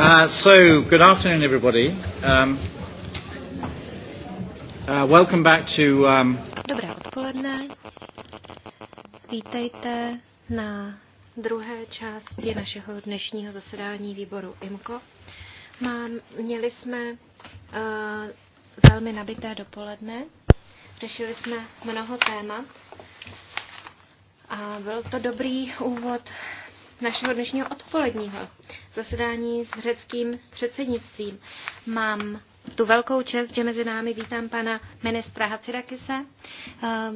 Uh, so, good afternoon, everybody. Um, uh, welcome back to. Um, Dobré odpoledne. Vítejte na druhé části našeho dnešního zasedání výboru IMCO. Mám, měli jsme uh, velmi nabité dopoledne. Řešili jsme mnoho témat a byl to dobrý úvod našeho dnešního odpoledního zasedání s řeckým předsednictvím. Mám tu velkou čest, že mezi námi vítám pana ministra Hacidakise. Eh,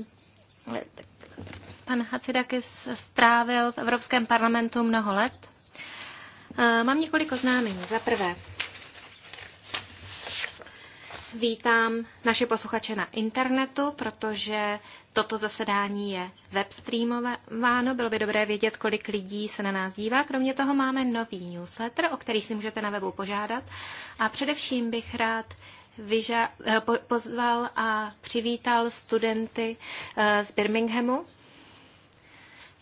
pan Hacidakis strávil v Evropském parlamentu mnoho let. Eh, mám několik oznámení. Za prvé, vítám naše posluchače na internetu, protože toto zasedání je webstreamováno. Bylo by dobré vědět, kolik lidí se na nás dívá. Kromě toho máme nový newsletter, o který si můžete na webu požádat. A především bych rád vyža- eh, pozval a přivítal studenty eh, z Birminghamu.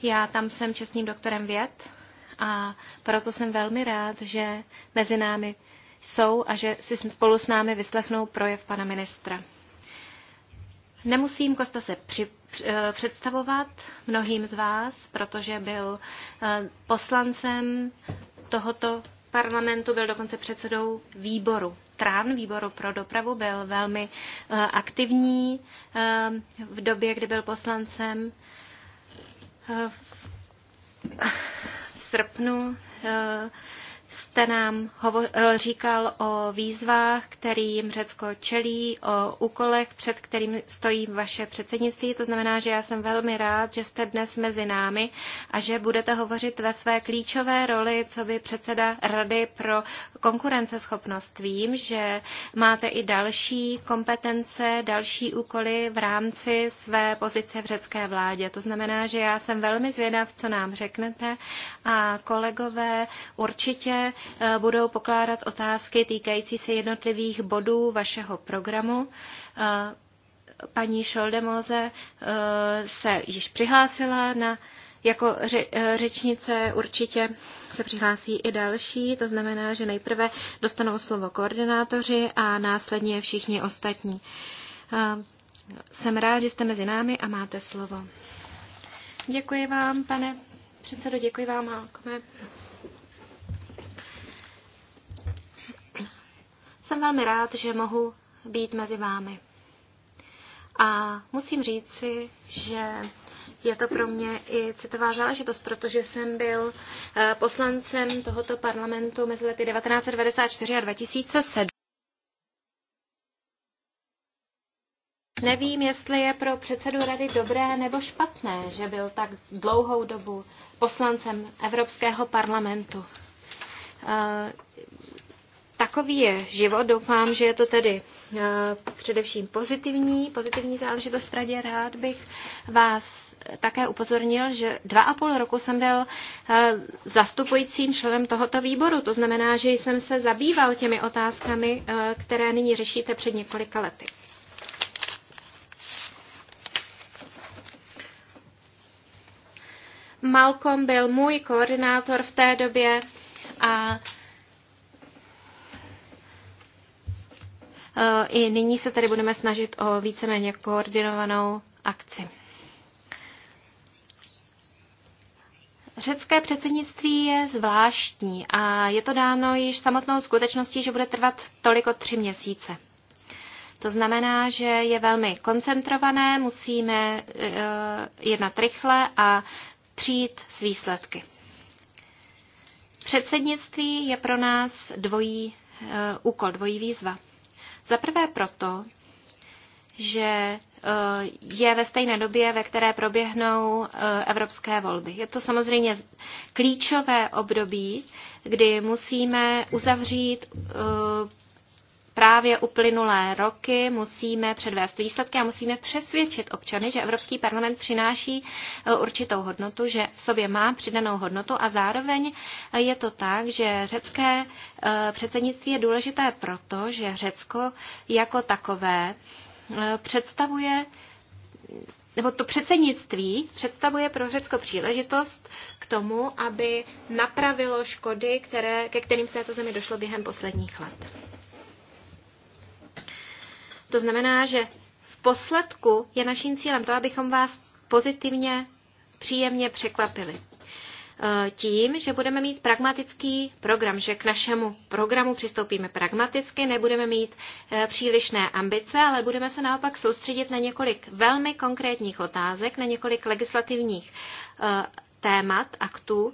Já tam jsem čestným doktorem věd a proto jsem velmi rád, že mezi námi jsou a že si spolu s námi vyslechnou projev pana ministra. Nemusím Kosta se při, eh, představovat mnohým z vás, protože byl eh, poslancem tohoto parlamentu, byl dokonce předsedou výboru. Trán výboru pro dopravu byl velmi eh, aktivní v době, kdy byl poslancem. V srpnu jste nám eh, říkal o výzvách, kterým Řecko čelí, o úkolech, před kterým stojí vaše předsednictví. To znamená, že já jsem velmi rád, že jste dnes mezi námi a že budete hovořit ve své klíčové roli, co by předseda Rady pro konkurenceschopnost. Vím, že máte i další kompetence, další úkoly v rámci své pozice v řecké vládě. To znamená, že já jsem velmi zvědav, co nám řeknete a kolegové určitě Eh, budou pokládat otázky týkající se jednotlivých bodů vašeho programu. Eh, paní Šoldemoze eh, se již přihlásila na jako řečnice určitě se přihlásí i další, to znamená, že nejprve dostanou slovo koordinátoři a následně všichni ostatní. Jsem rád, že jste mezi námi a máte slovo. Děkuji vám, pane předsedo, děkuji vám, Malkome. Jsem velmi rád, že mohu být mezi vámi. A musím říct si, že je to pro mě i citová záležitost, protože jsem byl eh, poslancem tohoto parlamentu mezi lety 1994 a 2007. Nevím, jestli je pro předsedu rady dobré nebo špatné, že byl tak dlouhou dobu poslancem Evropského parlamentu. Eh, Takový je život. Doufám, že je to tedy eh, především pozitivní, pozitivní záležitost v radě. Rád bych vás také upozornil, že dva a půl roku jsem byl eh, zastupujícím členem tohoto výboru. To znamená, že jsem se zabýval těmi otázkami, eh, které nyní řešíte před několika lety. Malcolm byl můj koordinátor v té době a Eh, I nyní se tedy budeme snažit o víceméně koordinovanou akci. Řecké předsednictví je zvláštní a je to dáno již samotnou skutečností, že bude trvat toliko tři měsíce. To znamená, že je velmi koncentrované, musíme eh, jednat rychle a přijít s výsledky. Předsednictví je pro nás dvojí eh, úkol, dvojí výzva. Za prvé proto, že eh, je ve stejné době, ve které proběhnou eh, evropské volby. Je to samozřejmě klíčové období, kdy musíme uzavřít eh, právě uplynulé roky musíme předvést výsledky a musíme přesvědčit občany, že Evropský parlament přináší eh, určitou hodnotu, že v sobě má přidanou hodnotu a zároveň eh, je to tak, že řecké eh, předsednictví je důležité proto, že Řecko jako takové představuje nebo to předsednictví představuje pro Řecko příležitost k tomu, aby napravilo škody, které, ke kterým v této zemi došlo během posledních let. To znamená, že v posledku je naším cílem to, abychom vás pozitivně, příjemně překvapili. E, tím, že budeme mít pragmatický program, že k našemu programu přistoupíme pragmaticky, nebudeme mít e, přílišné ambice, ale budeme se naopak soustředit na několik velmi konkrétních otázek, na několik legislativních e, témat, aktů,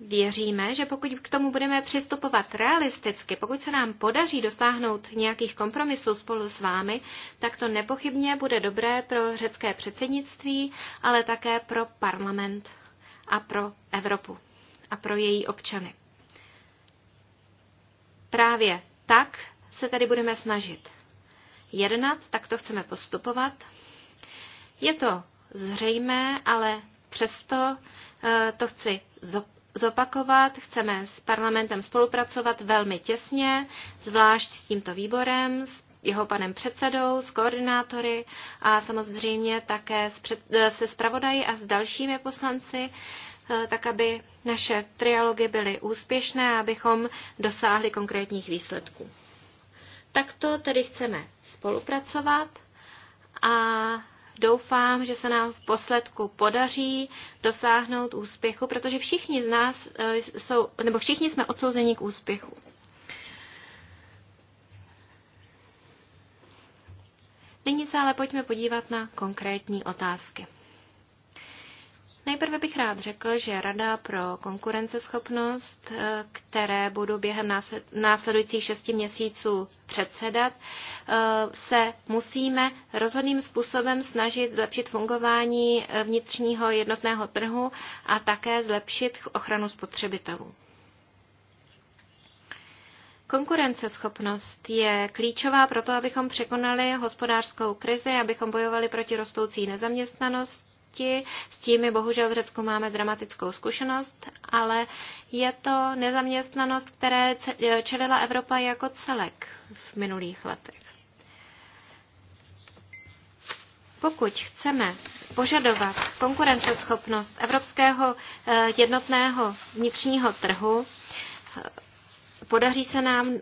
Věříme, že pokud k tomu budeme přistupovat realisticky, pokud se nám podaří dosáhnout nějakých kompromisů spolu s vámi, tak to nepochybně bude dobré pro řecké předsednictví, ale také pro parlament a pro Evropu a pro její občany. Právě tak se tady budeme snažit jednat, tak to chceme postupovat. Je to zřejmé, ale přesto eh, to chci zopakovat zopakovat. Chceme s parlamentem spolupracovat velmi těsně, zvlášť s tímto výborem, s jeho panem předsedou, s koordinátory a samozřejmě také eh, se zpravodají a s dalšími poslanci, eh, tak aby naše trialogy byly úspěšné a abychom dosáhli konkrétních výsledků. Takto tedy chceme spolupracovat a Doufám, že se nám v posledku podaří dosáhnout úspěchu, protože všichni z nás eh, jsou, nebo všichni jsme odsouzeni k úspěchu. Nyní se ale pojďme podívat na konkrétní otázky. Nejprve bych rád řekl, že Rada pro konkurenceschopnost, eh, které budu během následujících šesti měsíců předsedat, eh, se musíme rozhodným způsobem snažit zlepšit fungování eh, vnitřního jednotného trhu a také zlepšit ochranu spotřebitelů. Konkurenceschopnost je klíčová pro to, abychom překonali hospodářskou krizi, abychom bojovali proti rostoucí nezaměstnanosti děti. S tím my bohužel v Řecku máme dramatickou zkušenost, ale je to nezaměstnanost, které čelila Evropa jako celek v minulých letech. Pokud chceme požadovat konkurenceschopnost evropského eh, jednotného vnitřního trhu, Podaří se nám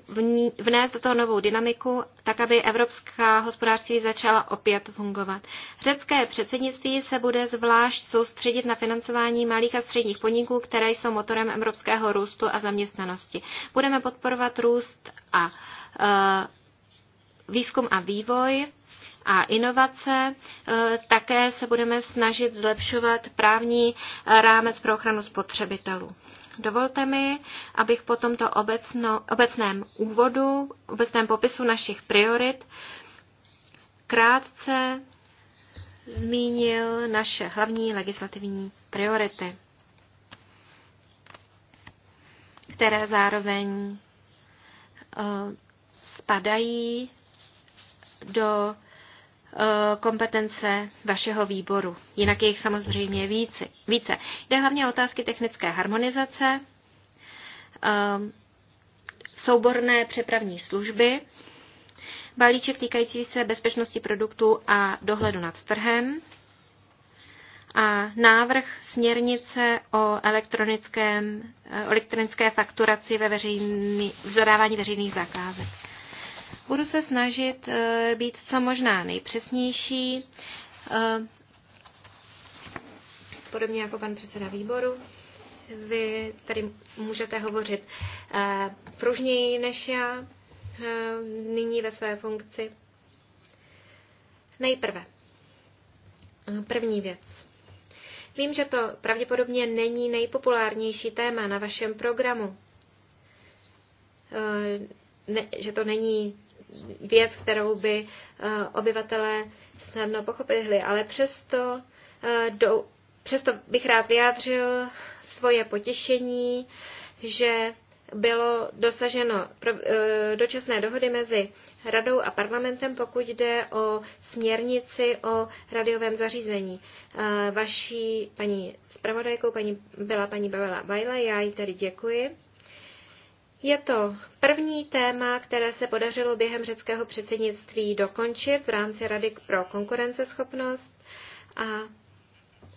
vnést do toho novou dynamiku, tak aby evropská hospodářství začala opět fungovat. Řecké předsednictví se bude zvlášť soustředit na financování malých a středních podniků, které jsou motorem evropského růstu a zaměstnanosti. Budeme podporovat růst a e, výzkum a vývoj a inovace. E, také se budeme snažit zlepšovat právní e, rámec pro ochranu spotřebitelů. Dovolte mi, abych po tomto obecno, obecném úvodu, obecném popisu našich priorit krátce zmínil naše hlavní legislativní priority, které zároveň eh, spadají do Eh, kompetence vašeho výboru. Jinak je jich samozřejmě více. více. Jde hlavně o otázky technické harmonizace, eh, souborné přepravní služby, balíček týkající se bezpečnosti produktů a dohledu nad trhem a návrh směrnice o elektronickém, eh, elektronické fakturaci ve veřejný, v zadávání veřejných zakázek. Budu se snažit eh, být co možná nejpřesnější, eh, podobně jako pan předseda výboru. Vy tady můžete hovořit eh, pružněji než já nyní ve své funkci. Nejprve, první věc. Vím, že to pravděpodobně není nejpopulárnější téma na vašem programu, ne, že to není věc, kterou by eh, obyvatelé snadno pochopili, ale přesto, eh, do, přesto bych rád vyjádřil svoje potěšení, že bylo dosaženo eh, dočasné dohody mezi radou a parlamentem, pokud jde o směrnici o radiovém zařízení. Vaší paní zpravodajkou paní, byla paní Bavela Bajla, já jí tady děkuji. Je to první téma, které se podařilo během řeckého předsednictví dokončit v rámci Rady pro konkurenceschopnost a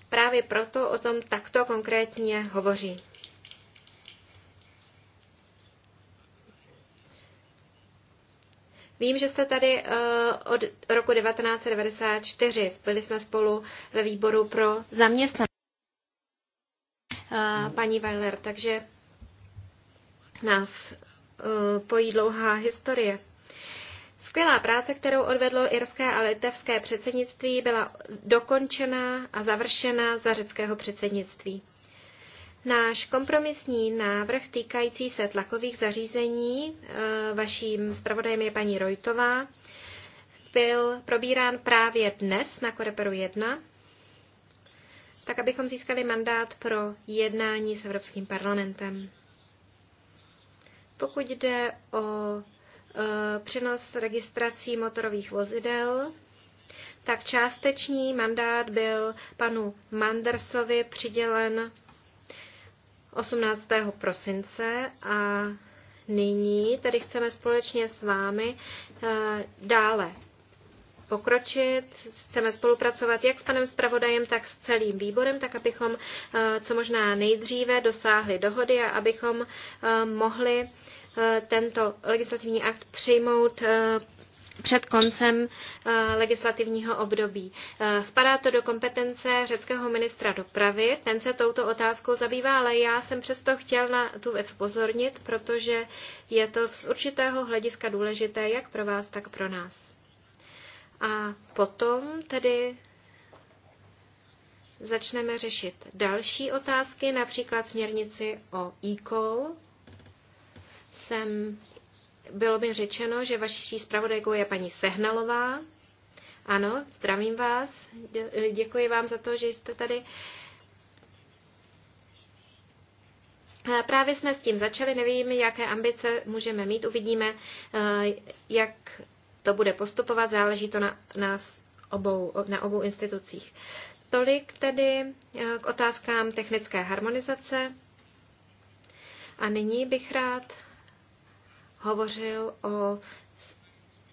právě proto o tom takto konkrétně hovoří. Vím, že jste tady eh, od roku 1994. Byli jsme spolu ve výboru pro zaměstnanost. Eh, paní Weiler, takže nás eh, pojí dlouhá historie. Skvělá práce, kterou odvedlo irské a litevské předsednictví, byla dokončena a završena za řeckého předsednictví. Náš kompromisní návrh týkající se tlakových zařízení, eh, vaším zpravodajem je paní Rojtová, byl probírán právě dnes na Koreperu 1, tak abychom získali mandát pro jednání s Evropským parlamentem. Pokud jde o e, přenos registrací motorových vozidel, tak částečný mandát byl panu Mandersovi přidělen 18. prosince a nyní tedy chceme společně s vámi e, dále pokročit. Chceme spolupracovat jak s panem zpravodajem, tak s celým výborem, tak abychom eh, co možná nejdříve dosáhli dohody a abychom eh, mohli eh, tento legislativní akt přijmout před koncem legislativního období. Spadá to do kompetence řeckého ministra dopravy, ten se touto otázkou zabývá, ale já jsem přesto chtěl na tu věc pozornit, protože je to z určitého hlediska důležité jak pro vás, tak pro nás. A potom tedy začneme řešit další otázky, například směrnici o e-call. Sem bylo mi řečeno, že vaší zpravodajkou je paní Sehnalová. Ano, zdravím vás. Děkuji vám za to, že jste tady. Právě jsme s tím začali, nevím, jaké ambice můžeme mít, uvidíme, eh, jak to bude postupovat, záleží to na nás obou, na obou institucích. Tolik tedy eh, k otázkám technické harmonizace. A nyní bych rád hovořil o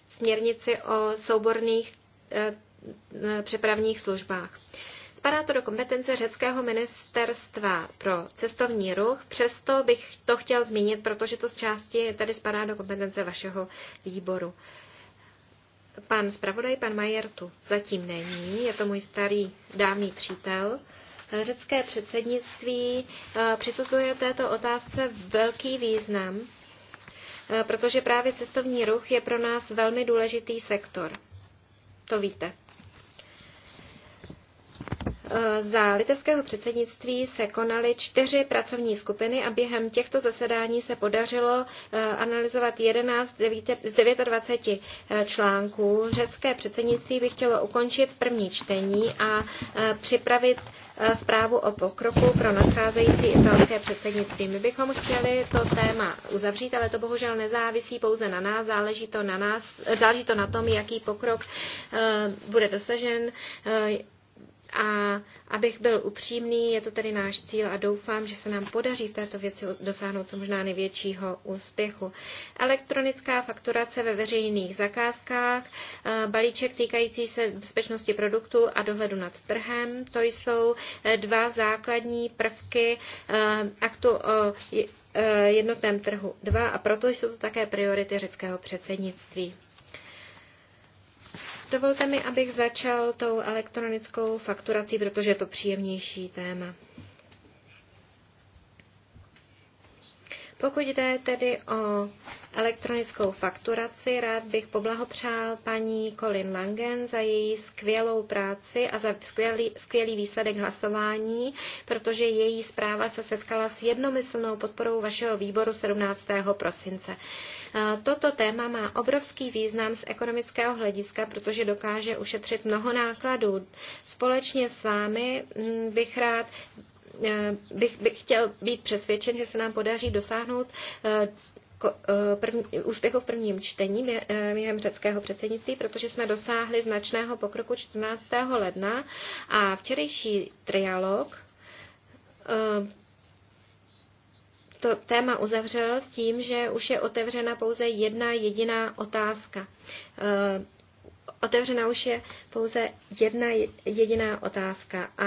směrnici o souborných eh, eh, přepravních službách. Spadá to do kompetence řeckého ministerstva pro cestovní ruch, přesto bych to chtěl zmínit, protože to z části tady spadá do kompetence vašeho výboru. Pan zpravodaj, pan Majer tu zatím není, je to můj starý dávný přítel. Řecké předsednictví eh, přisuzuje této otázce velký význam, eh, protože právě cestovní ruch je pro nás velmi důležitý sektor. To víte. Eh, za litevského předsednictví se konaly čtyři pracovní skupiny a během těchto zasedání se podařilo eh, analyzovat 11 z 29 eh, článků. Řecké předsednictví by chtělo ukončit první čtení a připravit zprávu o pokroku pro nadcházející italské předsednictví. My bychom chtěli to téma uzavřít, ale to bohužel nezávisí pouze na nás, záleží to na, nás, záleží to na tom, jaký pokrok bude dosažen a abych byl upřímný, je to tedy náš cíl a doufám, že se nám podaří v této věci dosáhnout co možná největšího úspěchu. Elektronická fakturace ve veřejných zakázkách, eh, balíček týkající se bezpečnosti produktu a dohledu nad trhem, to jsou eh, dva základní prvky eh, aktu o jednotném trhu 2 a proto jsou to také priority řeckého předsednictví. Dovolte mi, abych začal tou elektronickou fakturací, protože je to příjemnější téma. Pokud jde tedy o elektronickou fakturaci, rád bych poblahopřál paní Colin Langen za její skvělou práci a za skvělý, skvělý výsledek hlasování, protože její zpráva se setkala s jednomyslnou podporou vašeho výboru 17. prosince. Toto téma má obrovský význam z ekonomického hlediska, protože dokáže ušetřit mnoho nákladů. Společně s vámi mm, bych rád Eh, bych, bych chtěl být přesvědčen, že se nám podaří dosáhnout eh, eh, první, úspěchu v prvním čtení během řeckého předsednictví, protože jsme dosáhli značného pokroku 14. ledna a včerejší trialog to téma uzavřel s tím, že už je otevřena pouze jedna jediná otázka otevřena už je pouze jedna jediná otázka. A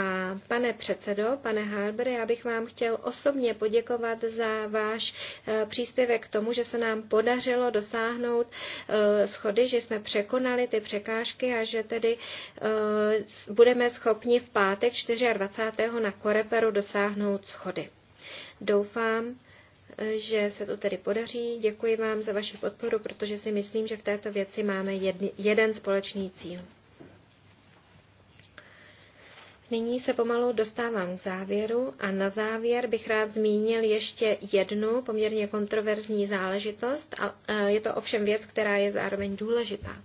pane předsedo, pane Harber, já bych vám chtěl osobně poděkovat za váš eh, příspěvek k tomu, že se nám podařilo dosáhnout eh, schody, že jsme překonali ty překážky a že tedy eh, budeme schopni v pátek 24. na Koreperu dosáhnout schody. Doufám, že se to tedy podaří. Děkuji vám za vaši podporu, protože si myslím, že v této věci máme jedn, jeden společný cíl. Nyní se pomalu dostávám k závěru a na závěr bych rád zmínil ještě jednu poměrně kontroverzní záležitost. A e, je to ovšem věc, která je zároveň důležitá.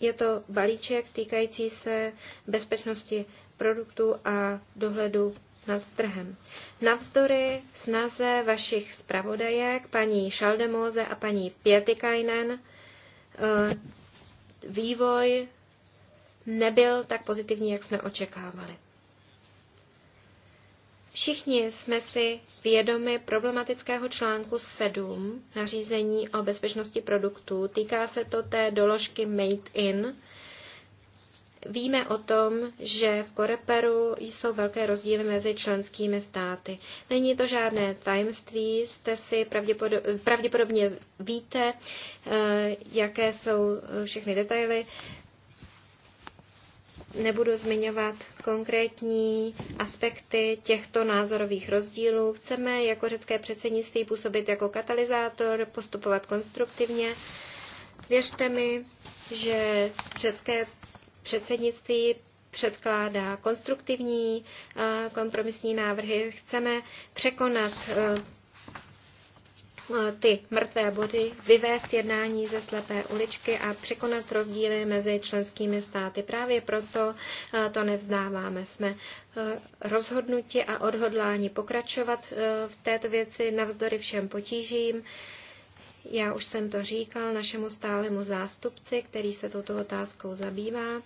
Je to balíček týkající se bezpečnosti produktů a dohledu nad trhem. Navzdory snaze vašich zpravodajek, paní Šaldemóze a paní Pietikainen, eh, vývoj nebyl tak pozitivní, jak jsme očekávali. Všichni jsme si vědomi problematického článku 7 nařízení o bezpečnosti produktů. Týká se to té doložky Made in. Víme o tom, že v Koreperu jsou velké rozdíly mezi členskými státy. Není to žádné tajemství, jste si pravděpodobně víte, eh, jaké jsou všechny detaily nebudu zmiňovat konkrétní aspekty těchto názorových rozdílů. Chceme jako řecké předsednictví působit jako katalyzátor, postupovat konstruktivně. Věřte mi, že řecké předsednictví předkládá konstruktivní eh, kompromisní návrhy. Chceme překonat eh, ty mrtvé body, vyvést jednání ze slepé uličky a překonat rozdíly mezi členskými státy. Právě proto eh, to nevzdáváme. Jsme eh, rozhodnuti a odhodláni pokračovat eh, v této věci navzdory všem potížím. Já už jsem to říkal našemu stálemu zástupci, který se touto otázkou zabývá.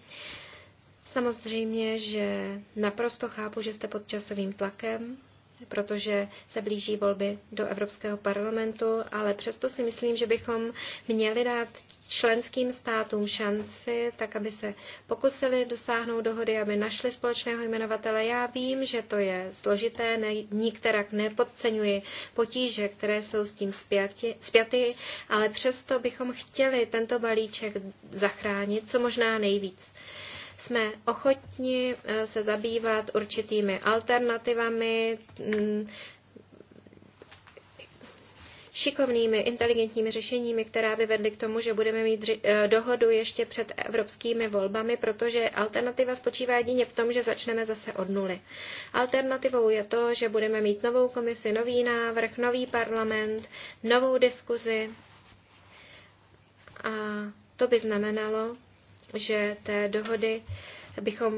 Samozřejmě, že naprosto chápu, že jste pod časovým tlakem, protože se blíží volby do Evropského parlamentu, ale přesto si myslím, že bychom měli dát členským státům šanci, tak aby se pokusili dosáhnout dohody, aby našli společného jmenovatele. Já vím, že to je složité, ne, nikterak nepodceňuji potíže, které jsou s tím spjati, spjaty, ale přesto bychom chtěli tento balíček zachránit co možná nejvíc. Uh, jsme ochotni eh, se zabývat určitými alternativami, mm, šikovnými, inteligentními řešeními, která by vedly k tomu, že budeme mít eh, dohodu ještě před evropskými volbami, protože alternativa spočívá jedině v tom, že začneme zase od nuly. Alternativou je to, že budeme mít novou komisi, nový návrh, nový parlament, novou diskuzi a to by znamenalo, že té dohody bychom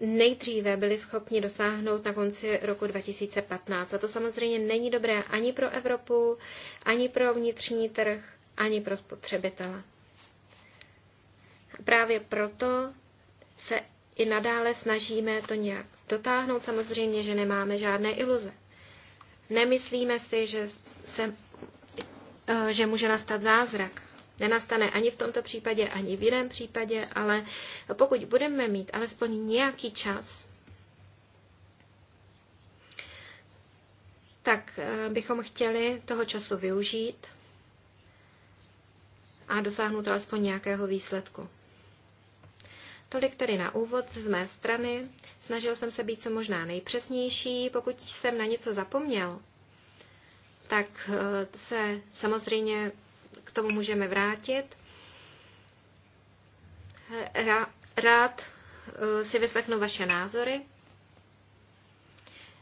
nejdříve byli schopni dosáhnout na konci roku 2015. A to samozřejmě není dobré ani pro Evropu, ani pro vnitřní trh, ani pro spotřebitele. Právě proto se i nadále snažíme to nějak dotáhnout. Samozřejmě, že nemáme žádné iluze. Nemyslíme si, že, se, eh, že může nastat zázrak nenastane ani v tomto případě, ani v jiném případě, ale pokud budeme mít alespoň nějaký čas, tak eh, bychom chtěli toho času využít a dosáhnout alespoň nějakého výsledku. Tolik tedy na úvod z mé strany. Snažil jsem se být co možná nejpřesnější. Pokud jsem na něco zapomněl, tak eh, se samozřejmě k tomu můžeme vrátit. Rád eh, si vyslechnu vaše názory.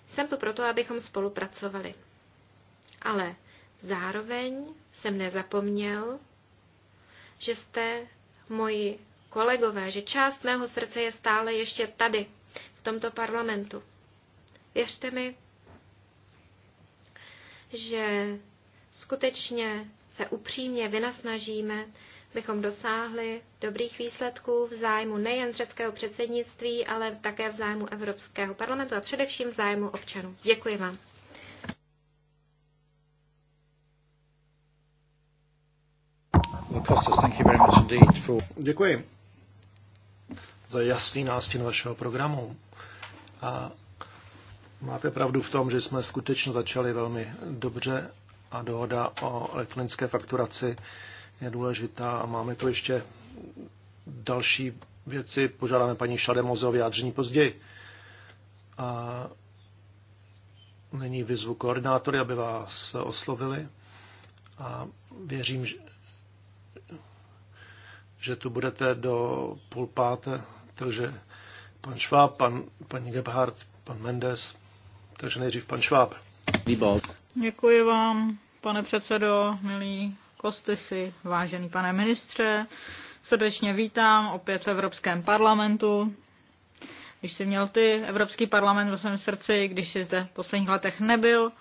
Jsem tu proto, abychom spolupracovali. Ale zároveň jsem nezapomněl, že jste moji kolegové, že část mého srdce je stále ještě tady, v tomto parlamentu. Věřte mi, že skutečně se upřímně vynasnažíme, bychom dosáhli dobrých výsledků v zájmu nejen řeckého předsednictví, ale také v zájmu Evropského parlamentu a především v zájmu občanů. Děkuji vám. Děkuji za jasný nástin vašeho programu. A máte pravdu v tom, že jsme skutečně začali velmi dobře a dohoda o elektronické fakturaci je důležitá a máme tu ještě další věci. Požádáme paní Šademoze o vyjádření později. A není vyzvu koordinátory, aby vás oslovili a věřím, že tu budete do půl páté, takže pan Šváb, pan, paní Gebhardt, pan Mendes, takže nejdřív pan Šváb. Děkuji vám pane předsedo, milí Kostysy, vážený pane ministře. Srdečně vítám opět v Evropském parlamentu. Když jsi měl ty Evropský parlament ve svém srdci, když jsi zde v posledních letech nebyl,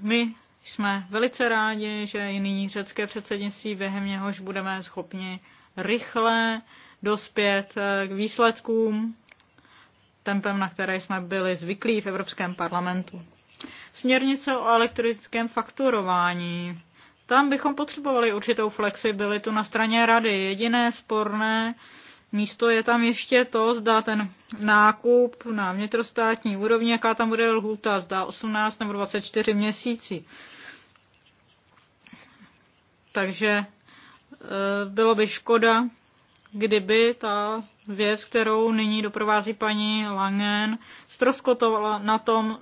my jsme velice rádi, že i nyní řecké předsednictví během něhož budeme schopni rychle dospět k výsledkům, tempem, na které jsme byli zvyklí v Evropském parlamentu. Směrnice o elektrickém fakturování. Tam bychom potřebovali určitou flexibilitu na straně rady. Jediné sporné místo je tam ještě to, zda ten nákup na vnitrostátní úrovni, jaká tam bude lhůta, zda 18 nebo 24 měsíci. Takže e, bylo by škoda, kdyby ta věc, kterou nyní doprovází paní Langen, stroskotovala na tom,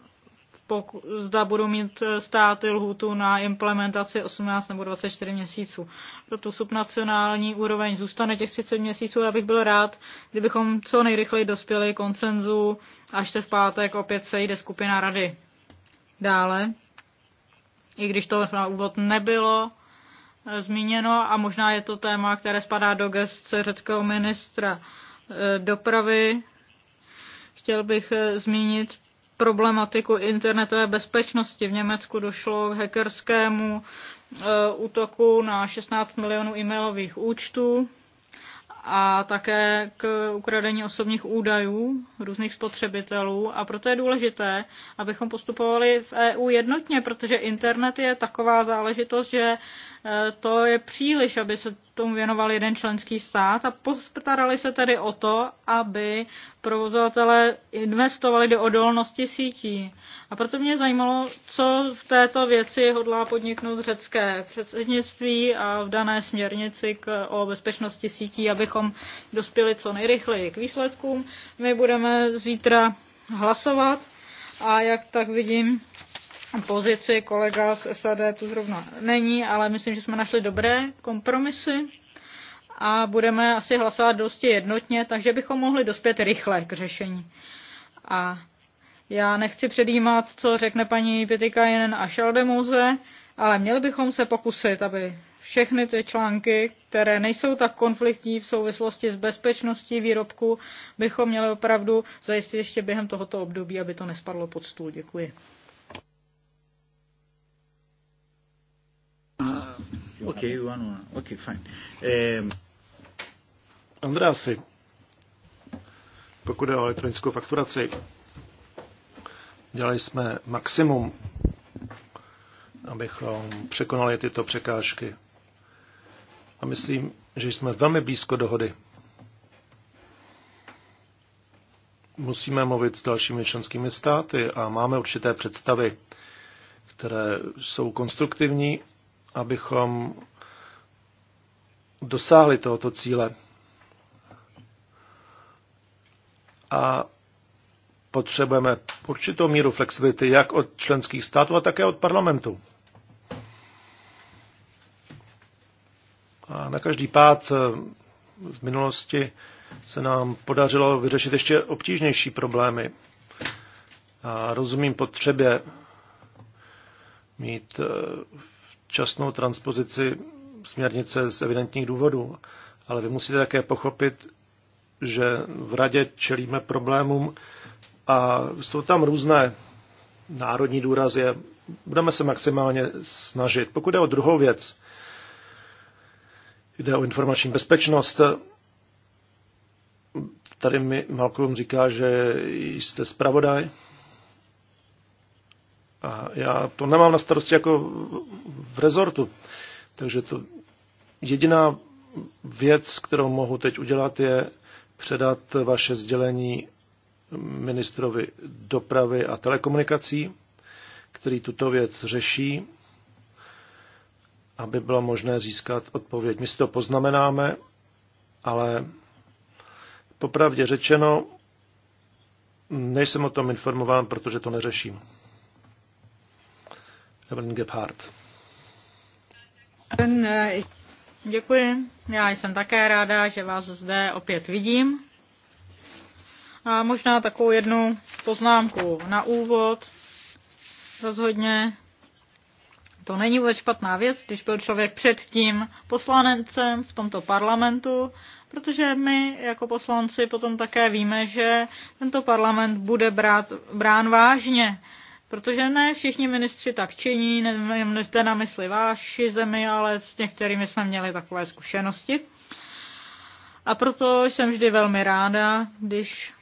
poku, zda budou mít eh, státy lhutu na implementaci 18 nebo 24 měsíců. Pro tu subnacionální úroveň zůstane těch 30 měsíců. Já bych byl rád, kdybychom co nejrychleji dospěli koncenzu, až se v pátek opět sejde skupina rady. Dále, i když to na úvod nebylo eh, zmíněno a možná je to téma, které spadá do gestce řeckého ministra eh, dopravy, chtěl bych zmínit problematiku internetové bezpečnosti. V Německu došlo k hackerskému e, útoku na 16 milionů e-mailových účtů a také k ukradení osobních údajů různých spotřebitelů. A proto je důležité, abychom postupovali v EU jednotně, protože internet je taková záležitost, že E, to je příliš, aby se tomu věnoval jeden členský stát a postarali se tedy o to, aby provozovatele investovali do odolnosti sítí. A proto mě zajímalo, co v této věci hodlá podniknout řecké předsednictví a v dané směrnici k, o bezpečnosti sítí, abychom dospěli co nejrychleji k výsledkům. My budeme zítra hlasovat a jak tak vidím, pozici. Kolega z SAD tu zrovna není, ale myslím, že jsme našli dobré kompromisy a budeme asi hlasovat dosti jednotně, takže bychom mohli dospět rychle k řešení. A já nechci předjímat, co řekne paní Pětikajenen a Šaldemouze, ale měli bychom se pokusit, aby všechny ty články, které nejsou tak konfliktní v souvislosti s bezpečností výrobku, bychom měli opravdu zajistit ještě během tohoto období, aby to nespadlo pod stůl. Děkuji. Okay, one, one. Okay, fine. Um... Andrásy, pokud je o elektronickou fakturaci, dělali jsme maximum, abychom překonali tyto překážky. A myslím, že jsme velmi blízko dohody. Musíme mluvit s dalšími členskými státy a máme určité představy, které jsou konstruktivní abychom dosáhli tohoto cíle. A potřebujeme určitou míru flexibility jak od členských států, a také od parlamentu. A na každý pád eh, v minulosti se nám podařilo vyřešit ještě obtížnější problémy. A rozumím potřebě mít eh, včasnou transpozici směrnice z evidentních důvodů. Ale vy musíte také pochopit, že v radě čelíme problémům a jsou tam různé národní důrazy. Budeme se maximálně snažit. Pokud je o druhou věc, jde o informační bezpečnost, tady mi Malcolm říká, že jste zpravodaj. A já to nemám na starosti jako v rezortu. Takže to jediná věc, kterou mohu teď udělat, je předat vaše sdělení ministrovi dopravy a telekomunikací, který tuto věc řeší, aby bylo možné získat odpověď. My si to poznamenáme, ale popravdě řečeno, nejsem o tom informován, protože to neřeším. Evelyn Gebhardt. Eh, děkuji. Já jsem také ráda, že vás zde opět vidím. A možná takovou jednu poznámku na úvod. Rozhodně to není vůbec špatná věc, když byl člověk předtím poslancem v tomto parlamentu, protože my jako poslanci potom také víme, že tento parlament bude brát, brán vážně Protože ne všichni ministři tak činí, nevím, jste na mysli váši zemi, ale s některými jsme měli takové zkušenosti. A proto jsem vždy velmi ráda, když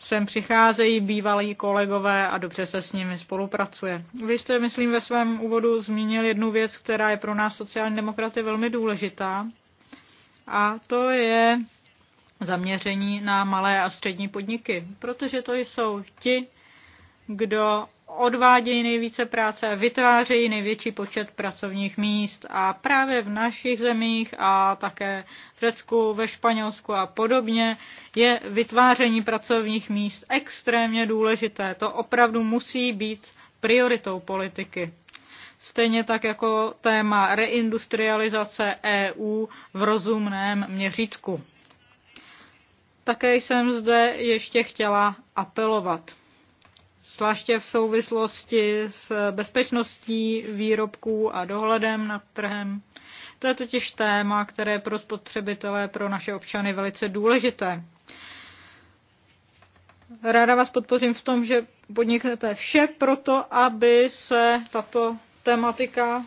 sem přicházejí bývalí kolegové a dobře se s nimi spolupracuje. Vy jste, myslím, ve svém úvodu zmínil jednu věc, která je pro nás sociální demokraty velmi důležitá. A to je zaměření na malé a střední podniky, protože to jsou ti, kdo odvádějí nejvíce práce a vytvářejí největší počet pracovních míst. A právě v našich zemích a také v Řecku, ve Španělsku a podobně je vytváření pracovních míst extrémně důležité. To opravdu musí být prioritou politiky. Stejně tak jako téma reindustrializace EU v rozumném měřítku. Také jsem zde ještě chtěla apelovat zvláště v souvislosti s bezpečností výrobků a dohledem nad trhem. To je totiž téma, které je pro spotřebitele, pro naše občany velice důležité. Ráda vás podpořím v tom, že podniknete vše pro to, aby se tato tematika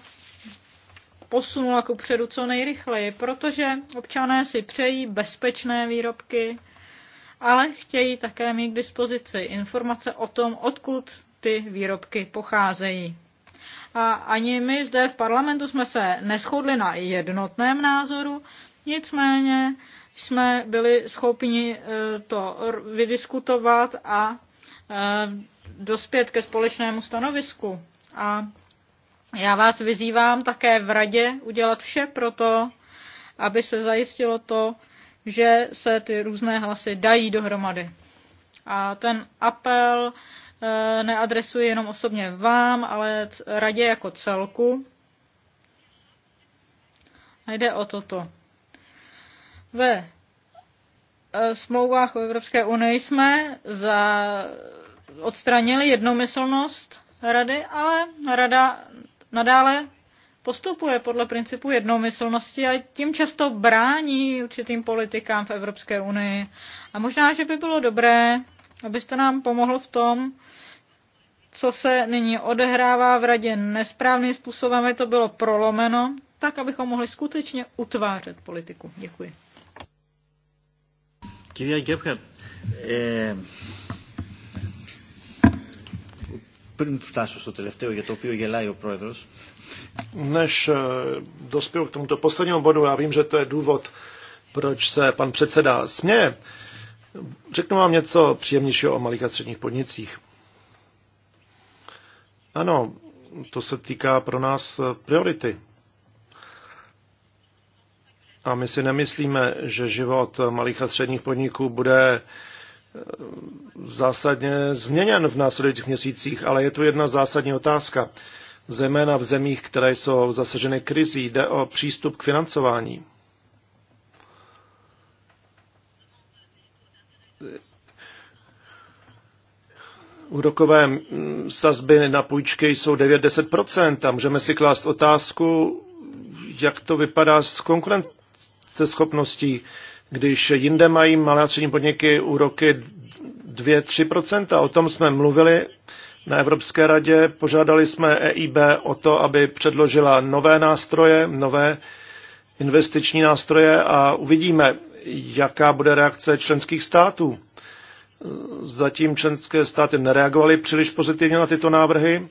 posunula ku předu co nejrychleji, protože občané si přejí bezpečné výrobky, ale chtějí také mít k dispozici informace o tom, odkud ty výrobky pocházejí. A ani my zde v parlamentu jsme se neschodli na jednotném názoru, nicméně jsme byli schopni eh, to vydiskutovat a eh, dospět ke společnému stanovisku. A já vás vyzývám také v radě udělat vše pro to, aby se zajistilo to, že se ty různé hlasy dají dohromady. A ten apel eh, neadresuji jenom osobně vám, ale radě jako celku. A jde o toto. Ve eh, smlouvách o Evropské unii jsme za, odstranili jednomyslnost rady, ale rada nadále postupuje podle principu jednomyslnosti a tím často brání určitým politikám v Evropské unii. A možná, že by bylo dobré, abyste nám pomohl v tom, co se nyní odehrává v radě nesprávným způsobem, aby to bylo prolomeno, tak abychom mohli skutečně utvářet politiku. Děkuji. Κυρία Γκέπχαρτ, ε, πριν φτάσω στο τελευταίο για το οποίο γελάει ο πρόεδρος, než eh, dospěl k tomuto poslednímu bodu, já vím, že to je důvod, proč se pan předseda směje. Řeknu vám něco příjemnějšího o malých a středních podnicích. Ano, to se týká pro nás eh, priority. A my si nemyslíme, že život malých a středních podniků bude eh, zásadně změněn v následujících měsících, ale je tu jedna zásadní otázka zejména v zemích, které jsou zasaženy krizí. Jde o přístup k financování. Úrokové sazby na půjčky jsou 9-10% a můžeme si klást otázku, jak to vypadá s konkurenceschopností, když jinde mají malé a střední podniky úroky 2-3%. O tom jsme mluvili na Evropské radě. Požádali jsme EIB o to, aby předložila nové nástroje, nové investiční nástroje a uvidíme, jaká bude reakce členských států. Zatím členské státy nereagovaly příliš pozitivně na tyto návrhy,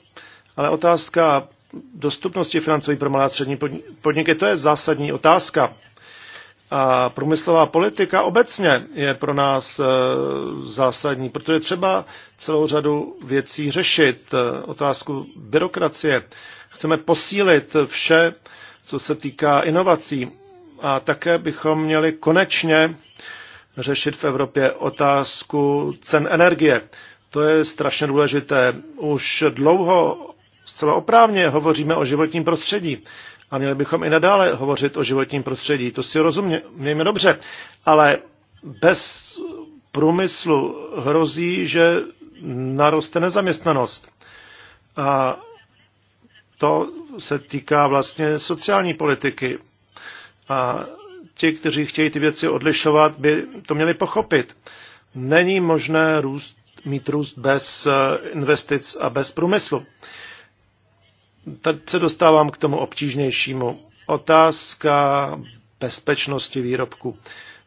ale otázka dostupnosti financování pro malé a střední podniky, to je zásadní otázka. A průmyslová politika obecně je pro nás e, zásadní, protože třeba celou řadu věcí řešit. E, otázku byrokracie. Chceme posílit vše, co se týká inovací. A také bychom měli konečně řešit v Evropě otázku cen energie. To je strašně důležité. Už dlouho zcela oprávně hovoříme o životním prostředí, a měli bychom i nadále hovořit o životním prostředí. To si rozumíme dobře, ale bez průmyslu hrozí, že naroste nezaměstnanost. A to se týká vlastně sociální politiky. A ti, kteří chtějí ty věci odlišovat, by to měli pochopit. Není možné růst, mít růst bez eh, investic a bez průmyslu teď se dostávám k tomu obtížnějšímu. Otázka bezpečnosti výrobku.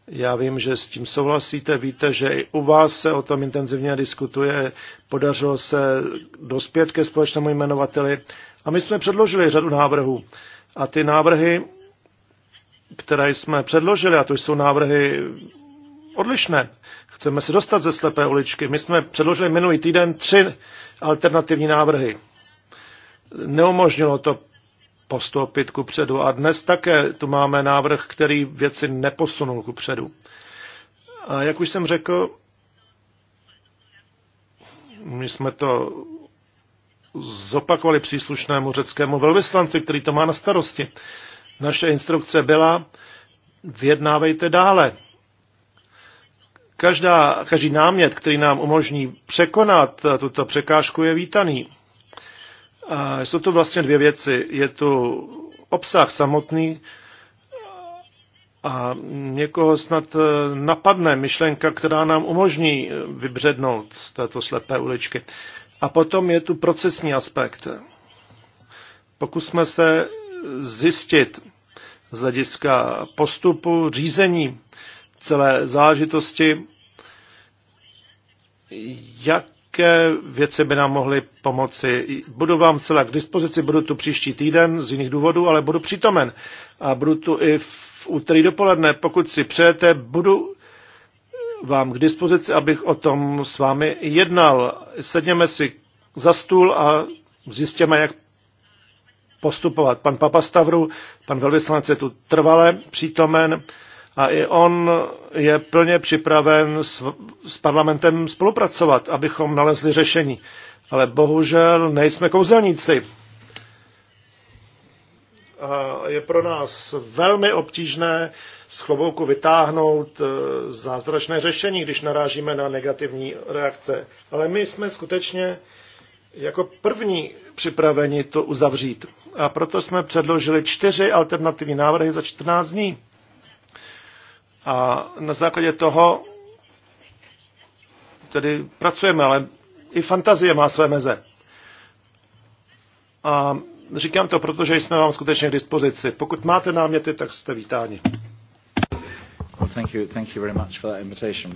Já vím, že s tím souhlasíte, víte, že i u vás se o tom intenzivně diskutuje, podařilo se dospět ke společnému jmenovateli a my jsme předložili řadu návrhů. A ty návrhy, které jsme předložili, a to jsou návrhy odlišné, chceme se dostat ze slepé uličky. My jsme předložili minulý týden tři alternativní návrhy neumožnilo to postoupit ku předu. A dnes také tu máme návrh, který věci neposunul ku předu. A jak už jsem řekl, my jsme to zopakovali příslušnému řeckému velvyslanci, který to má na starosti. Naše instrukce byla, vyjednávejte dále. Každá, každý námět, který nám umožní překonat tuto překážku, je vítaný. A jsou to vlastně dvě věci. Je to obsah samotný a někoho snad eh, napadne myšlenka, která nám umožní eh, vybřednout z této slepé uličky. A potom je tu procesní aspekt. Pokusme se zjistit z hlediska postupu, řízení celé zážitosti, jak Jaké věci by nám mohly pomoci? Budu vám celá k dispozici, budu tu příští týden z jiných důvodů, ale budu přítomen. A budu tu i v úterý dopoledne. Pokud si přejete, budu vám k dispozici, abych o tom s vámi jednal. Sedněme si za stůl a zjistíme, jak postupovat. Pan Stavru, pan velvyslanec je tu trvale přítomen a i on je plně připraven s, s parlamentem spolupracovat, abychom nalezli řešení. Ale bohužel nejsme kouzelníci. A je pro nás velmi obtížné z chlobouku vytáhnout e, zázračné řešení, když narážíme na negativní reakce. Ale my jsme skutečně jako první připraveni to uzavřít. A proto jsme předložili čtyři alternativní návrhy za 14 dní. A na základě toho tedy pracujeme, ale i fantazie má své meze. A říkám to, protože jsme vám skutečně k dispozici. Pokud máte náměty, tak jste vítáni.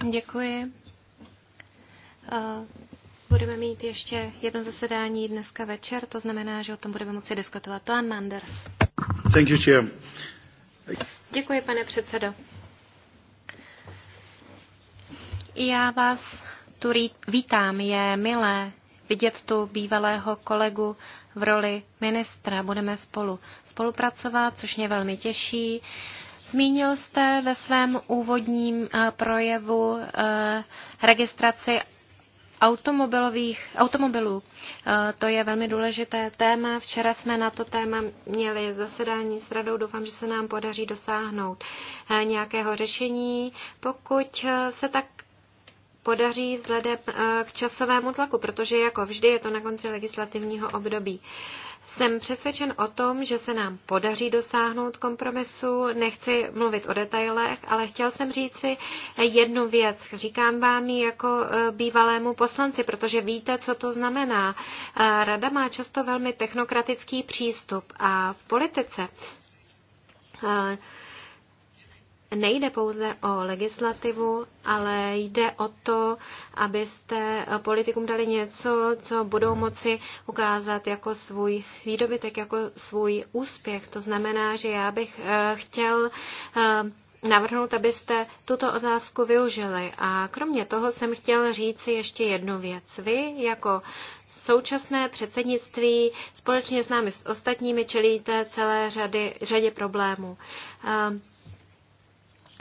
Děkuji. Uh, budeme mít ještě jedno zasedání dneska večer, to znamená, že o tom budeme moci diskutovat. Toan Manders. Thank you, chair. Děkuji, pane předsedo. Já vás tu vítám. Je milé vidět tu bývalého kolegu v roli ministra. Budeme spolu spolupracovat, což mě velmi těší. Zmínil jste ve svém úvodním eh, projevu eh, registraci automobilových, automobilů. Eh, to je velmi důležité téma. Včera jsme na to téma měli zasedání s radou. Doufám, že se nám podaří dosáhnout nějakého řešení. Pokud se tak podaří vzhledem eh, k časovému tlaku, protože jako vždy je to na konci legislativního období. Jsem přesvědčen o tom, že se nám podaří dosáhnout kompromisu. Nechci mluvit o detailech, ale chtěl jsem říci jednu věc. Říkám vám ji jako eh, bývalému poslanci, protože víte, co to znamená. Eh, Rada má často velmi technokratický přístup a v politice nejde pouze o legislativu, ale jde o to, abyste politikům dali něco, co budou moci ukázat jako svůj výdobytek, jako svůj úspěch. To znamená, že já bych eh, chtěl eh, navrhnout, abyste tuto otázku využili. A kromě toho jsem chtěl říci ještě jednu věc. Vy jako současné předsednictví společně s námi s ostatními čelíte celé řady, řadě problémů. Eh,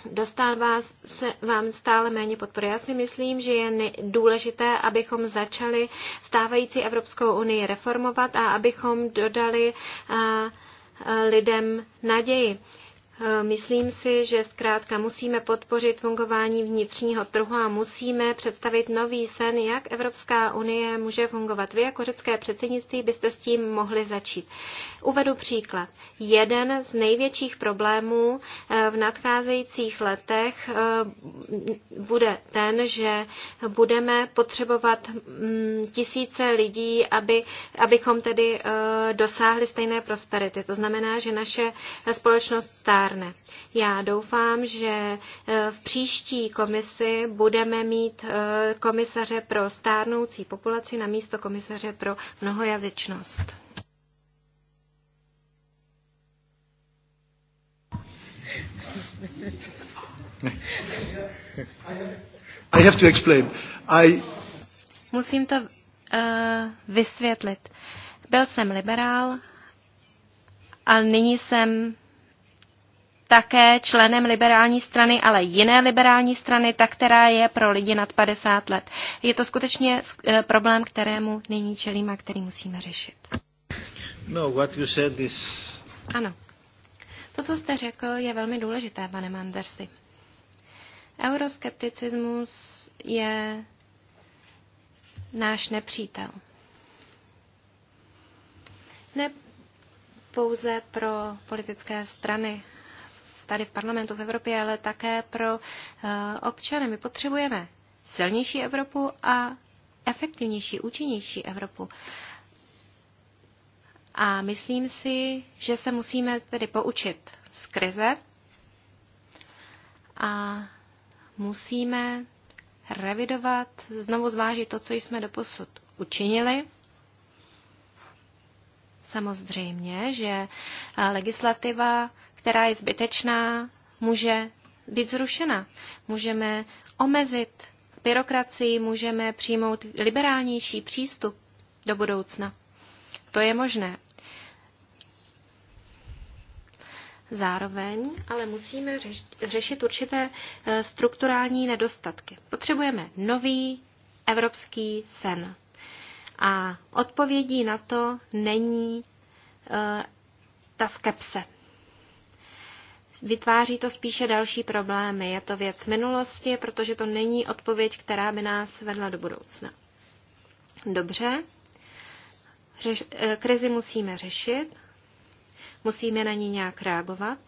dostal se, vám stále méně podpory. Já si myslím, že je důležité, abychom začali stávající Evropskou unii reformovat a abychom dodali lidem naději. Eh, myslím si, že zkrátka musíme podpořit fungování vnitřního trhu a musíme představit nový sen, jak Evropská unie může fungovat. Vy jako řecké předsednictví byste s tím mohli začít. Uvedu příklad. Jeden z největších problémů eh, v nadcházejících letech eh, bude ten, že budeme potřebovat mm, tisíce lidí, aby, abychom tedy dosáhli stejné prosperity. To znamená, že naše společnost stále Barne. Já doufám, že eh, v příští komisi budeme mít eh, komisaře pro stárnoucí populaci na místo komisaře pro mnohojazyčnost. I have to explain. I... Musím to uh, vysvětlit. Byl jsem liberál, ale nyní jsem také členem liberální strany, ale jiné liberální strany, ta, která je pro lidi nad 50 let. Je to skutečně eh, problém, kterému nyní čelíme a který musíme řešit. No, what you said is... Ano. To, co jste řekl, je velmi důležité, pane Mandersi. Euroskepticismus je náš nepřítel. Ne pouze pro politické strany, tady v parlamentu v Evropě, ale také pro eh, občany. My potřebujeme silnější Evropu a efektivnější, účinnější Evropu. A myslím si, že se musíme tedy poučit z krize a musíme revidovat, znovu zvážit to, co jsme doposud učinili. Samozřejmě, že eh, legislativa která je zbytečná, může být zrušena. Můžeme omezit byrokracii, můžeme přijmout liberálnější přístup do budoucna. To je možné. Zároveň ale musíme řešit určité eh, strukturální nedostatky. Potřebujeme nový evropský sen. A odpovědí na to není eh, ta skepse, Vytváří to spíše další problémy. Je to věc minulosti, protože to není odpověď, která by nás vedla do budoucna. Dobře, Řeš, eh, krizi musíme řešit, musíme na ní nějak reagovat,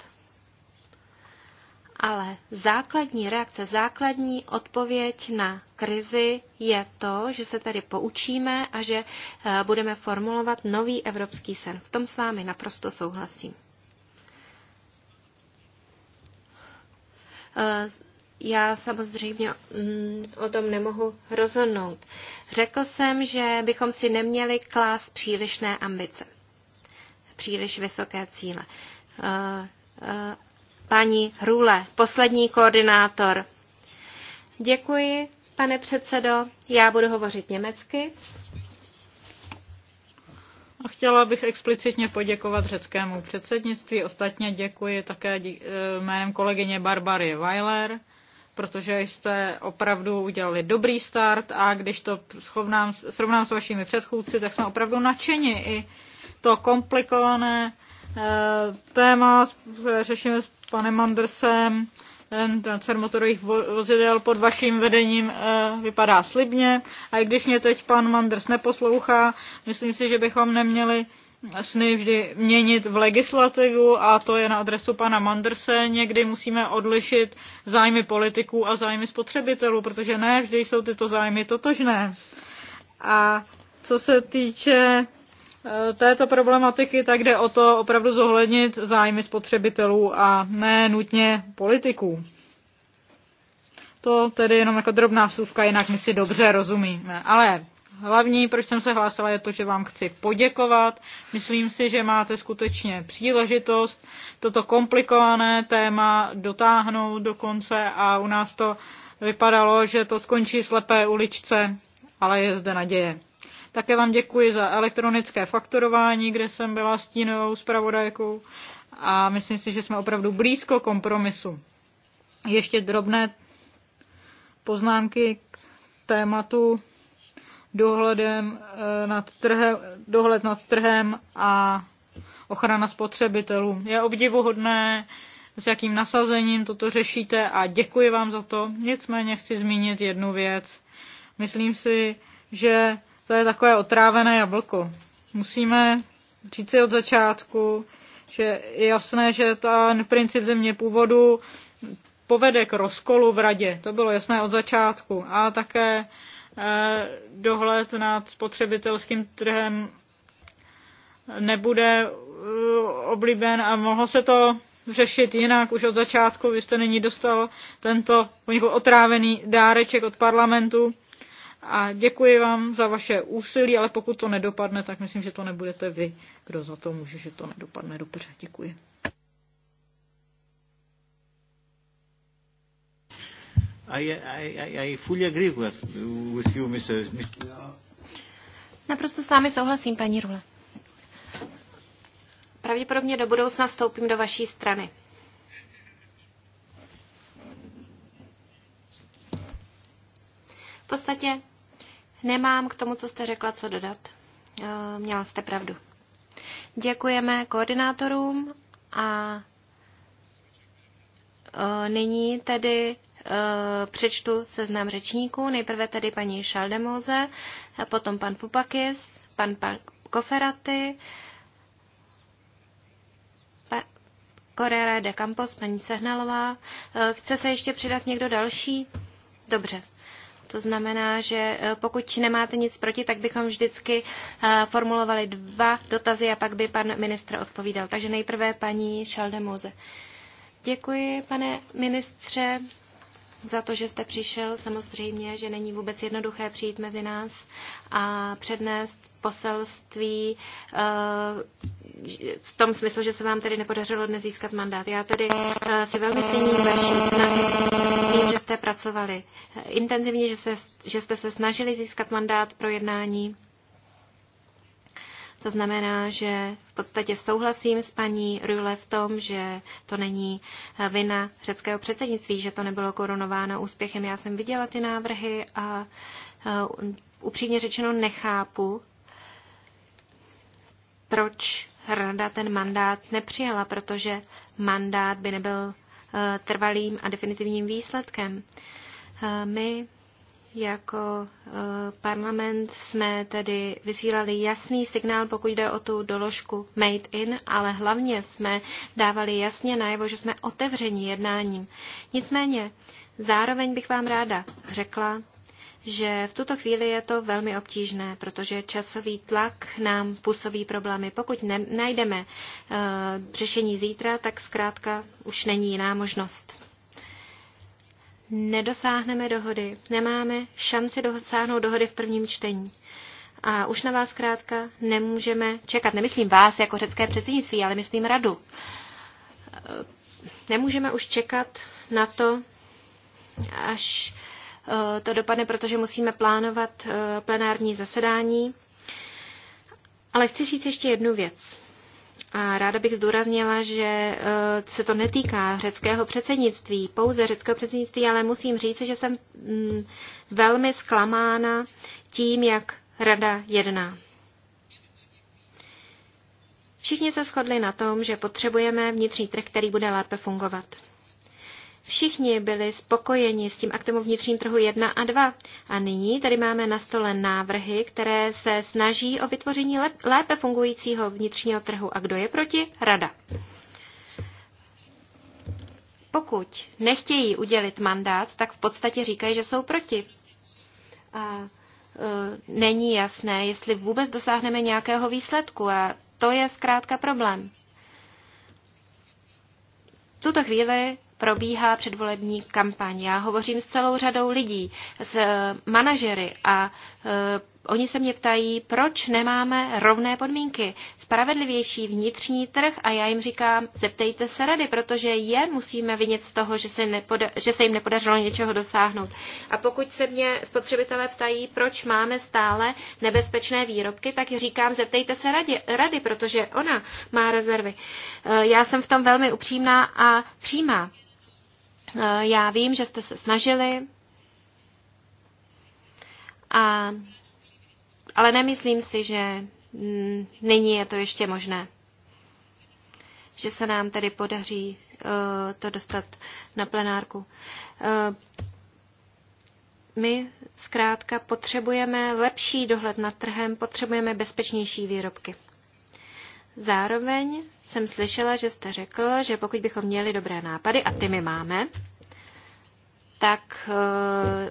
ale základní reakce, základní odpověď na krizi je to, že se tady poučíme a že eh, budeme formulovat nový evropský sen. V tom s vámi naprosto souhlasím. já samozřejmě mm, o tom nemohu rozhodnout. Řekl jsem, že bychom si neměli klást přílišné ambice, příliš vysoké cíle. Eh, eh, paní Hrůle, poslední koordinátor. Děkuji, pane předsedo. Já budu hovořit německy. A chtěla bych explicitně poděkovat řeckému předsednictví. Ostatně děkuji také dí, eh, jménem kolegyně Barbary Weiler, protože jste opravdu udělali dobrý start a když to schovnám, srovnám s vašimi předchůdci, tak jsme opravdu nadšeni i to komplikované eh, téma, řešíme s panem Andersem, transfer motorových vozidel pod vaším vedením eh, vypadá slibně. A i když mě teď pan Manders neposlouchá, myslím si, že bychom neměli sny vždy měnit v legislativu a to je na adresu pana Manderse. Někdy musíme odlišit zájmy politiků a zájmy spotřebitelů, protože ne vždy jsou tyto zájmy totožné. A co se týče Eh, této problematiky, tak jde o to opravdu zohlednit zájmy spotřebitelů a ne nutně politiků. To tedy jenom jako drobná vsuvka, jinak my si dobře rozumíme. Ale hlavní, proč jsem se hlásila, je to, že vám chci poděkovat. Myslím si, že máte skutečně příležitost toto komplikované téma dotáhnout do konce a u nás to vypadalo, že to skončí v slepé uličce, ale je zde naděje. Také vám děkuji za elektronické fakturování, kde jsem byla stínovou zpravodajkou a myslím si, že jsme opravdu blízko kompromisu. Ještě drobné poznámky k tématu dohledem eh, nad trhem, dohled nad trhem a ochrana spotřebitelů. Je obdivuhodné, s jakým nasazením toto řešíte a děkuji vám za to. Nicméně chci zmínit jednu věc. Myslím si, že to je takové otrávené jablko. Musíme si od začátku, že je jasné, že ten princip země původu povede k rozkolu v radě. To bylo jasné od začátku. A také eh, dohled nad spotřebitelským trhem nebude eh, oblíben a mohlo se to řešit jinak už od začátku. Vy jste nyní dostal tento otrávený dáreček od parlamentu a děkuji vám za vaše úsilí, ale pokud to nedopadne, tak myslím, že to nebudete vy, kdo za to může, že to nedopadne dobře. Děkuji. I, I, I fully agree with, with you, Mr. Naprosto s vámi souhlasím, paní Rule. Pravděpodobně do budoucna vstoupím do vaší strany. V podstatě Nemám k tomu, co jste řekla, co dodat. Eh, měla jste pravdu. Děkujeme koordinátorům a eh, nyní tedy eh, přečtu seznam řečníků. Nejprve tedy paní Šaldemoze, potom pan Pupakis, pan, pan Koferaty, Correra de Campos, paní Sehnalová. Chce se ještě přidat někdo další? Dobře. To znamená, že eh, pokud nemáte nic proti, tak bychom vždycky eh, formulovali dva dotazy a pak by pan ministr odpovídal. Takže nejprve paní Šaldemoze. Děkuji, pane ministře za to, že jste přišel. Samozřejmě, že není vůbec jednoduché přijít mezi nás a přednést poselství eh, v tom smyslu, že se vám tedy nepodařilo dnes získat mandát. Já tedy eh, si velmi cením vaši snahy. Vím, že jste pracovali intenzivně, že, se, že jste se snažili získat mandát pro jednání to znamená, že v podstatě souhlasím s paní Rule v tom, že to není eh, vina řeckého předsednictví, že to nebylo korunováno úspěchem. Já jsem viděla ty návrhy a eh, upřímně řečeno nechápu, proč rada ten mandát nepřijala, protože mandát by nebyl eh, trvalým a definitivním výsledkem. My jako eh, parlament jsme tedy vysílali jasný signál, pokud jde o tu doložku Made in, ale hlavně jsme dávali jasně najevo, že jsme otevření jednáním. Nicméně, zároveň bych vám ráda řekla, že v tuto chvíli je to velmi obtížné, protože časový tlak nám působí problémy. Pokud ne najdeme uh, řešení zítra, tak zkrátka už není jiná možnost nedosáhneme dohody, nemáme šanci dosáhnout dohody v prvním čtení. A už na vás krátka nemůžeme čekat. Nemyslím vás jako řecké předsednictví, ale myslím radu. Nemůžeme už čekat na to, až eh, to dopadne, protože musíme plánovat eh, plenární zasedání. Ale chci říct ještě jednu věc. A ráda bych zdůraznila, že eh, se to netýká řeckého předsednictví, pouze řeckého předsednictví, ale musím říct, že jsem mm, velmi zklamána tím, jak rada jedná. Všichni se shodli na tom, že potřebujeme vnitřní trh, který bude lépe fungovat. Všichni byli spokojeni s tím aktem o vnitřním trhu 1 a 2. A nyní tady máme na stole návrhy, které se snaží o vytvoření lépe fungujícího vnitřního trhu. A kdo je proti? Rada. Pokud nechtějí udělit mandát, tak v podstatě říkají, že jsou proti. A e, není jasné, jestli vůbec dosáhneme nějakého výsledku a to je zkrátka problém. V tuto chvíli probíhá předvolební kampaň. Já hovořím s celou řadou lidí, s eh, manažery a eh, Oni se mě ptají, proč nemáme rovné podmínky, spravedlivější vnitřní trh a já jim říkám, zeptejte se rady, protože je musíme vinit z toho, že se, nepoda- že se jim nepodařilo něčeho dosáhnout. A pokud se mě spotřebitelé ptají, proč máme stále nebezpečné výrobky, tak říkám, zeptejte se radě, rady, protože ona má rezervy. Eh, já jsem v tom velmi upřímná a přímá. Eh, já vím, že jste se snažili, a, ale nemyslím si, že mm, nyní je to ještě možné. Že se nám tedy podaří eh, to dostat na plenárku. Eh, my zkrátka potřebujeme lepší dohled nad trhem, potřebujeme bezpečnější výrobky. Zároveň jsem slyšela, že jste řekl, že pokud bychom měli dobré nápady, a ty my máme, tak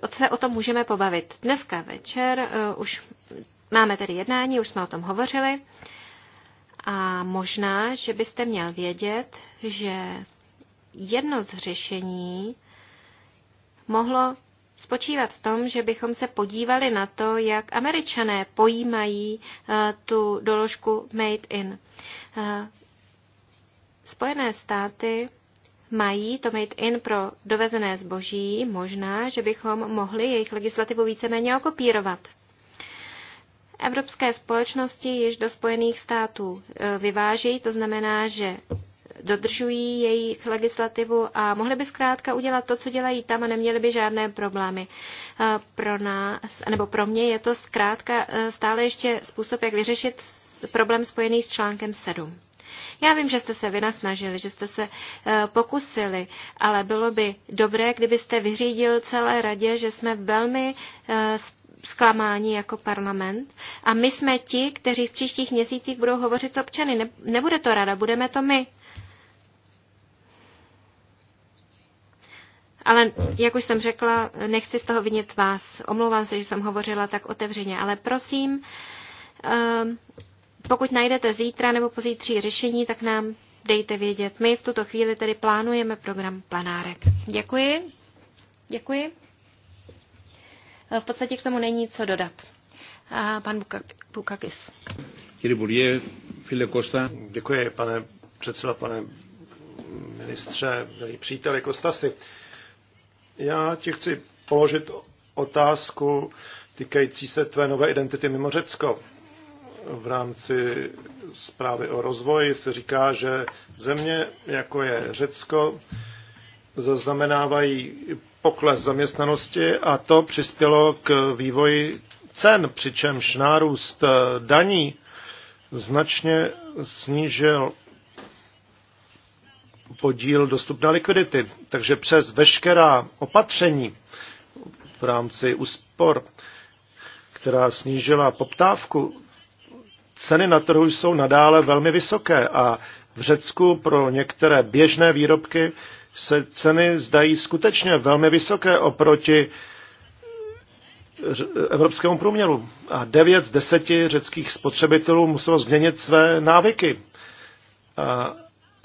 eh, se o tom můžeme pobavit. Dneska večer eh, už máme tedy jednání, už jsme o tom hovořili. A možná, že byste měl vědět, že jedno z řešení mohlo spočívat v tom, že bychom se podívali na to, jak američané pojímají eh, tu doložku Made in. Eh, Spojené státy mají to made in pro dovezené zboží, možná, že bychom mohli jejich legislativu víceméně okopírovat. Evropské společnosti již do Spojených států e, vyváží, to znamená, že dodržují jejich legislativu a mohli by zkrátka udělat to, co dělají tam a neměli by žádné problémy. E, pro nás, nebo pro mě je to zkrátka e, stále ještě způsob, jak vyřešit problém spojený s článkem 7. Já vím, že jste se vynasnažili, že jste se eh, pokusili, ale bylo by dobré, kdybyste vyřídil celé radě, že jsme velmi eh, zklamání jako parlament a my jsme ti, kteří v příštích měsících budou hovořit s občany. Nebude to rada, budeme to my. Ale jak už jsem řekla, nechci z toho vinit vás. Omlouvám se, že jsem hovořila tak otevřeně, ale prosím, eh, pokud najdete zítra nebo pozítří řešení, tak nám dejte vědět. My v tuto chvíli tedy plánujeme program Planárek. Děkuji. Děkuji. V podstatě k tomu není co dodat. A pan Bukakis. Děkuji, pane předseda, pane ministře, milí příteli Kostasy. Já ti chci položit otázku týkající se tvé nové identity mimo Řecko v rámci zprávy o rozvoji se říká, že země, jako je Řecko, zaznamenávají pokles zaměstnanosti a to přispělo k vývoji cen, přičemž nárůst daní značně snížil podíl dostupné likvidity. Takže přes veškerá opatření v rámci úspor, která snížila poptávku, ceny na trhu jsou nadále velmi vysoké a v Řecku pro některé běžné výrobky se ceny zdají skutečně velmi vysoké oproti evropskému průměru. A 9 z 10 řeckých spotřebitelů muselo změnit své návyky. A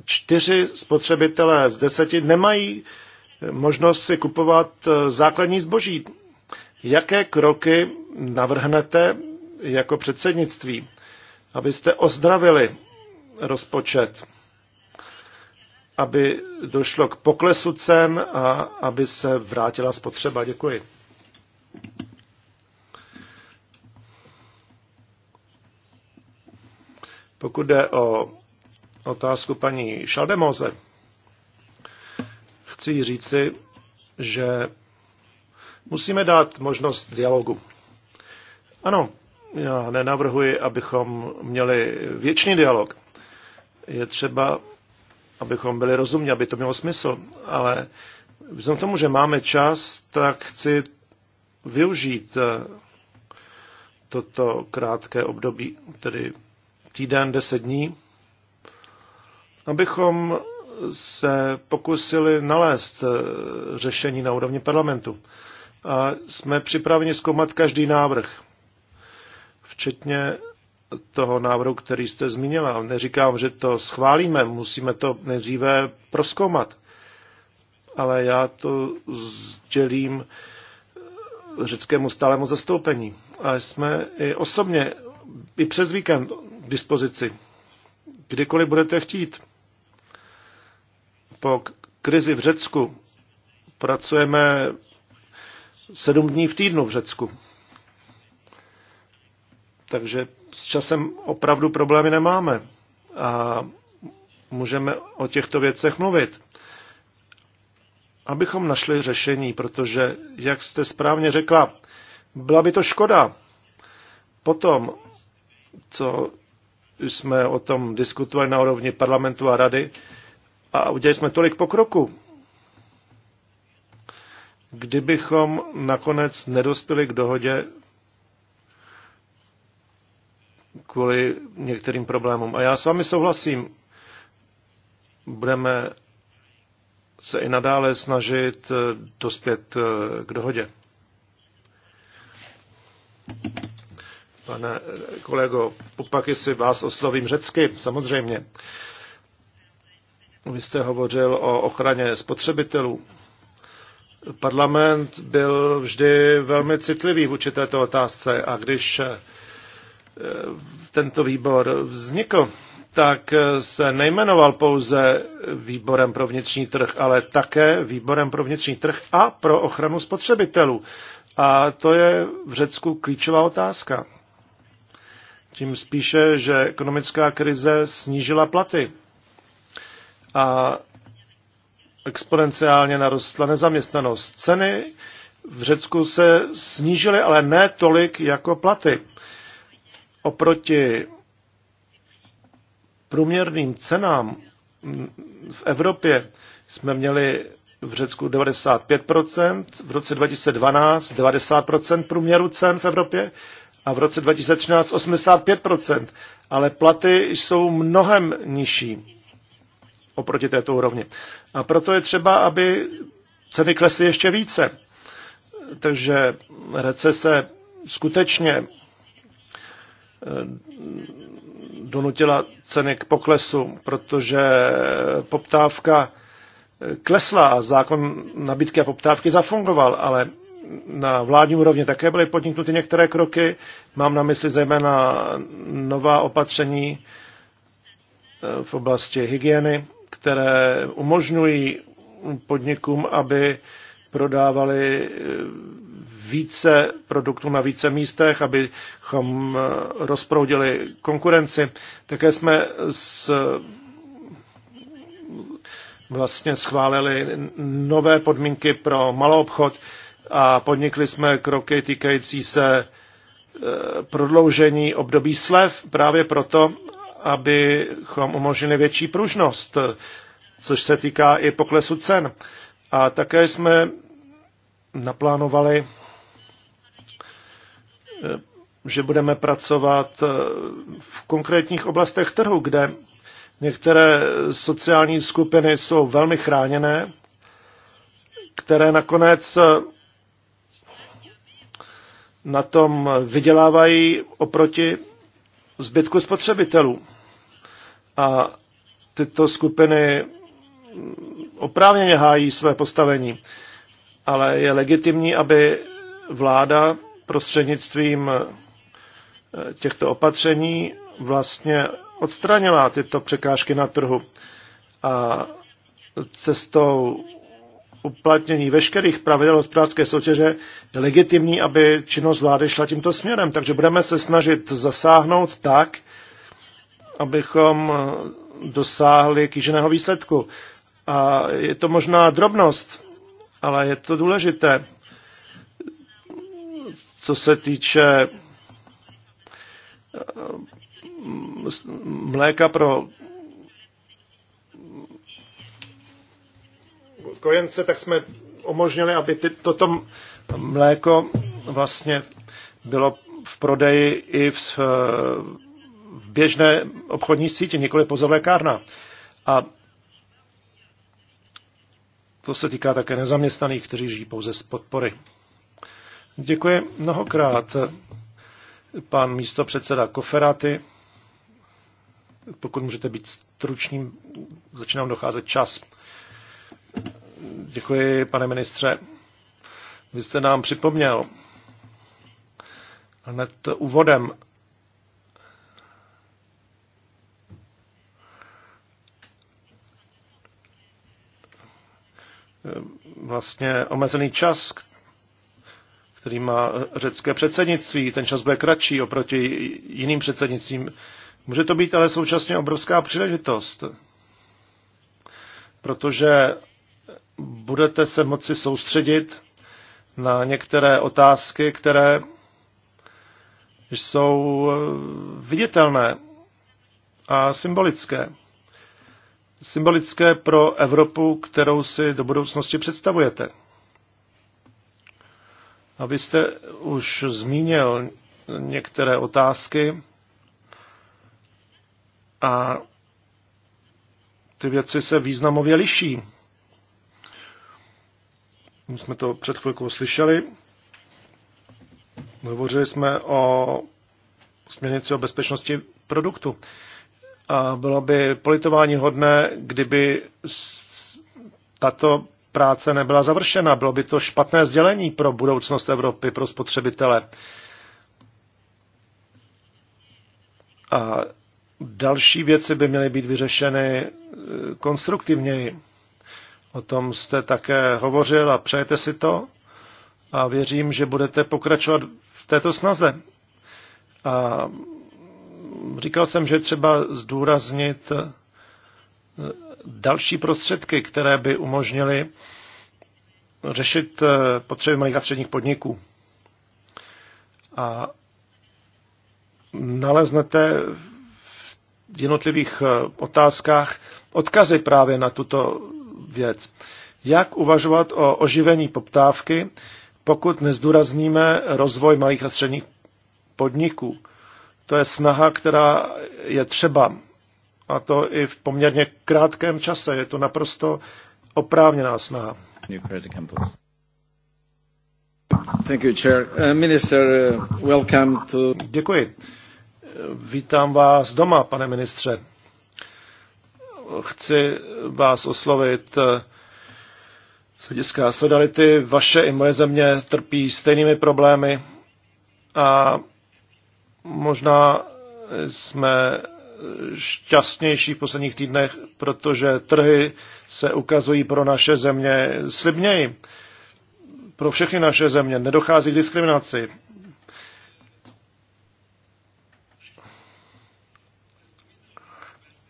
čtyři spotřebitelé z deseti nemají možnost si kupovat e, základní zboží. Jaké kroky navrhnete jako předsednictví? abyste ozdravili rozpočet, aby došlo k poklesu cen a aby se vrátila spotřeba. Děkuji. Pokud jde o otázku paní Šaldemoze, chci říci, že musíme dát možnost dialogu. Ano, já nenavrhuji, abychom měli věčný dialog. Je třeba, abychom byli rozumní, aby to mělo smysl, ale vzhledem k tomu, že máme čas, tak chci využít eh, toto krátké období, tedy týden, deset dní, abychom se pokusili nalézt eh, řešení na úrovni parlamentu. A jsme připraveni zkoumat každý návrh včetně toho návrhu, který jste zmínila. Neříkám, že to schválíme, musíme to nejdříve proskoumat. Ale já to sdělím eh, řeckému stálemu zastoupení. A jsme i osobně, i přes víkend k dispozici. Kdykoliv budete chtít. Po krizi v Řecku pracujeme sedm dní v týdnu v Řecku. Takže s časem opravdu problémy nemáme a můžeme o těchto věcech mluvit. Abychom našli řešení, protože, jak jste správně řekla, byla by to škoda. Potom, co jsme o tom diskutovali na úrovni parlamentu a rady a udělali jsme tolik pokroku, kdybychom nakonec nedospěli k dohodě kvůli některým problémům. A já s vámi souhlasím. Budeme se i nadále snažit eh, dospět eh, k dohodě. Pane eh, kolego, popak, si vás oslovím řecky, samozřejmě. Vy jste hovořil o ochraně spotřebitelů. Parlament byl vždy velmi citlivý v určité otázce a když Eh, tento výbor vznikl, tak eh, se nejmenoval pouze výborem pro vnitřní trh, ale také výborem pro vnitřní trh a pro ochranu spotřebitelů. A to je v Řecku klíčová otázka. Tím spíše, že ekonomická krize snížila platy a exponenciálně narostla nezaměstnanost. Ceny v Řecku se snížily, ale ne tolik jako platy oproti průměrným cenám v Evropě jsme měli v Řecku 95%, v roce 2012 90% průměru cen v Evropě a v roce 2013 85%, ale platy jsou mnohem nižší oproti této úrovni. A proto je třeba, aby ceny klesly ještě více. Takže recese skutečně Eh, donutila ceny k poklesu, protože poptávka eh, klesla a zákon nabídky a poptávky zafungoval, ale na vládní úrovni také byly podniknuty některé kroky. Mám na mysli zejména nová opatření eh, v oblasti hygieny, které umožňují podnikům, aby prodávali více produktů na více místech, abychom eh, rozproudili konkurenci. Také jsme s, vlastně schválili nové podmínky pro malou obchod a podnikli jsme kroky týkající se eh, prodloužení období slev právě proto, abychom umožnili větší pružnost, což se týká i poklesu cen. A také jsme naplánovali Eh, že budeme pracovat eh, v konkrétních oblastech trhu, kde některé sociální skupiny jsou velmi chráněné, které nakonec eh, na tom vydělávají oproti zbytku spotřebitelů. A tyto skupiny oprávněně hájí své postavení, ale je legitimní, aby vláda prostřednictvím eh, těchto opatření vlastně odstranila tyto překážky na trhu a cestou uplatnění veškerých pravidel hospodářské soutěže je legitimní, aby činnost vlády šla tímto směrem. Takže budeme se snažit zasáhnout tak, abychom eh, dosáhli kýženého výsledku. A je to možná drobnost, ale je to důležité. Co se týče eh, mléka pro kojence, tak jsme umožnili, aby ty, toto mléko vlastně bylo v prodeji i v, eh, v běžné obchodní síti, nikoli pouze v lékárna. A to se týká také nezaměstnaných, kteří žijí pouze z podpory. Děkuji mnohokrát, pan místo předseda Koferaty. Pokud můžete být stručným, začínám docházet čas. Děkuji, pane ministře. Vy jste nám připomněl hned úvodem vlastně omezený čas, který má eh, řecké předsednictví. Ten čas bude kratší oproti jiným předsednictvím. Může to být ale současně obrovská příležitost, protože budete se moci soustředit na některé otázky, které jsou eh, viditelné a symbolické. Symbolické pro Evropu, kterou si do budoucnosti představujete. Abyste už zmínil některé otázky a ty věci se významově liší. My jsme to před chvilkou slyšeli. Hovořili jsme o směrnici o bezpečnosti produktu. A bylo by politování hodné, kdyby tato práce nebyla završena. Bylo by to špatné sdělení pro budoucnost Evropy, pro spotřebitele. A další věci by měly být vyřešeny eh, konstruktivněji. O tom jste také hovořil a přejete si to a věřím, že budete pokračovat v této snaze. A říkal jsem, že třeba zdůraznit eh, další prostředky, které by umožnily řešit eh, potřeby malých a středních podniků. A naleznete v jednotlivých eh, otázkách odkazy právě na tuto věc. Jak uvažovat o oživení poptávky, pokud nezdůrazníme rozvoj malých a středních podniků? To je snaha, která je třeba a to i v poměrně krátkém čase. Je to naprosto oprávněná snaha. Uh, uh, Děkuji. Vítám vás doma, pane ministře. Chci vás oslovit uh, z hlediska solidarity. Vaše i moje země trpí stejnými problémy a možná jsme šťastnější v posledních týdnech, protože trhy se ukazují pro naše země slibněji. Pro všechny naše země nedochází k diskriminaci.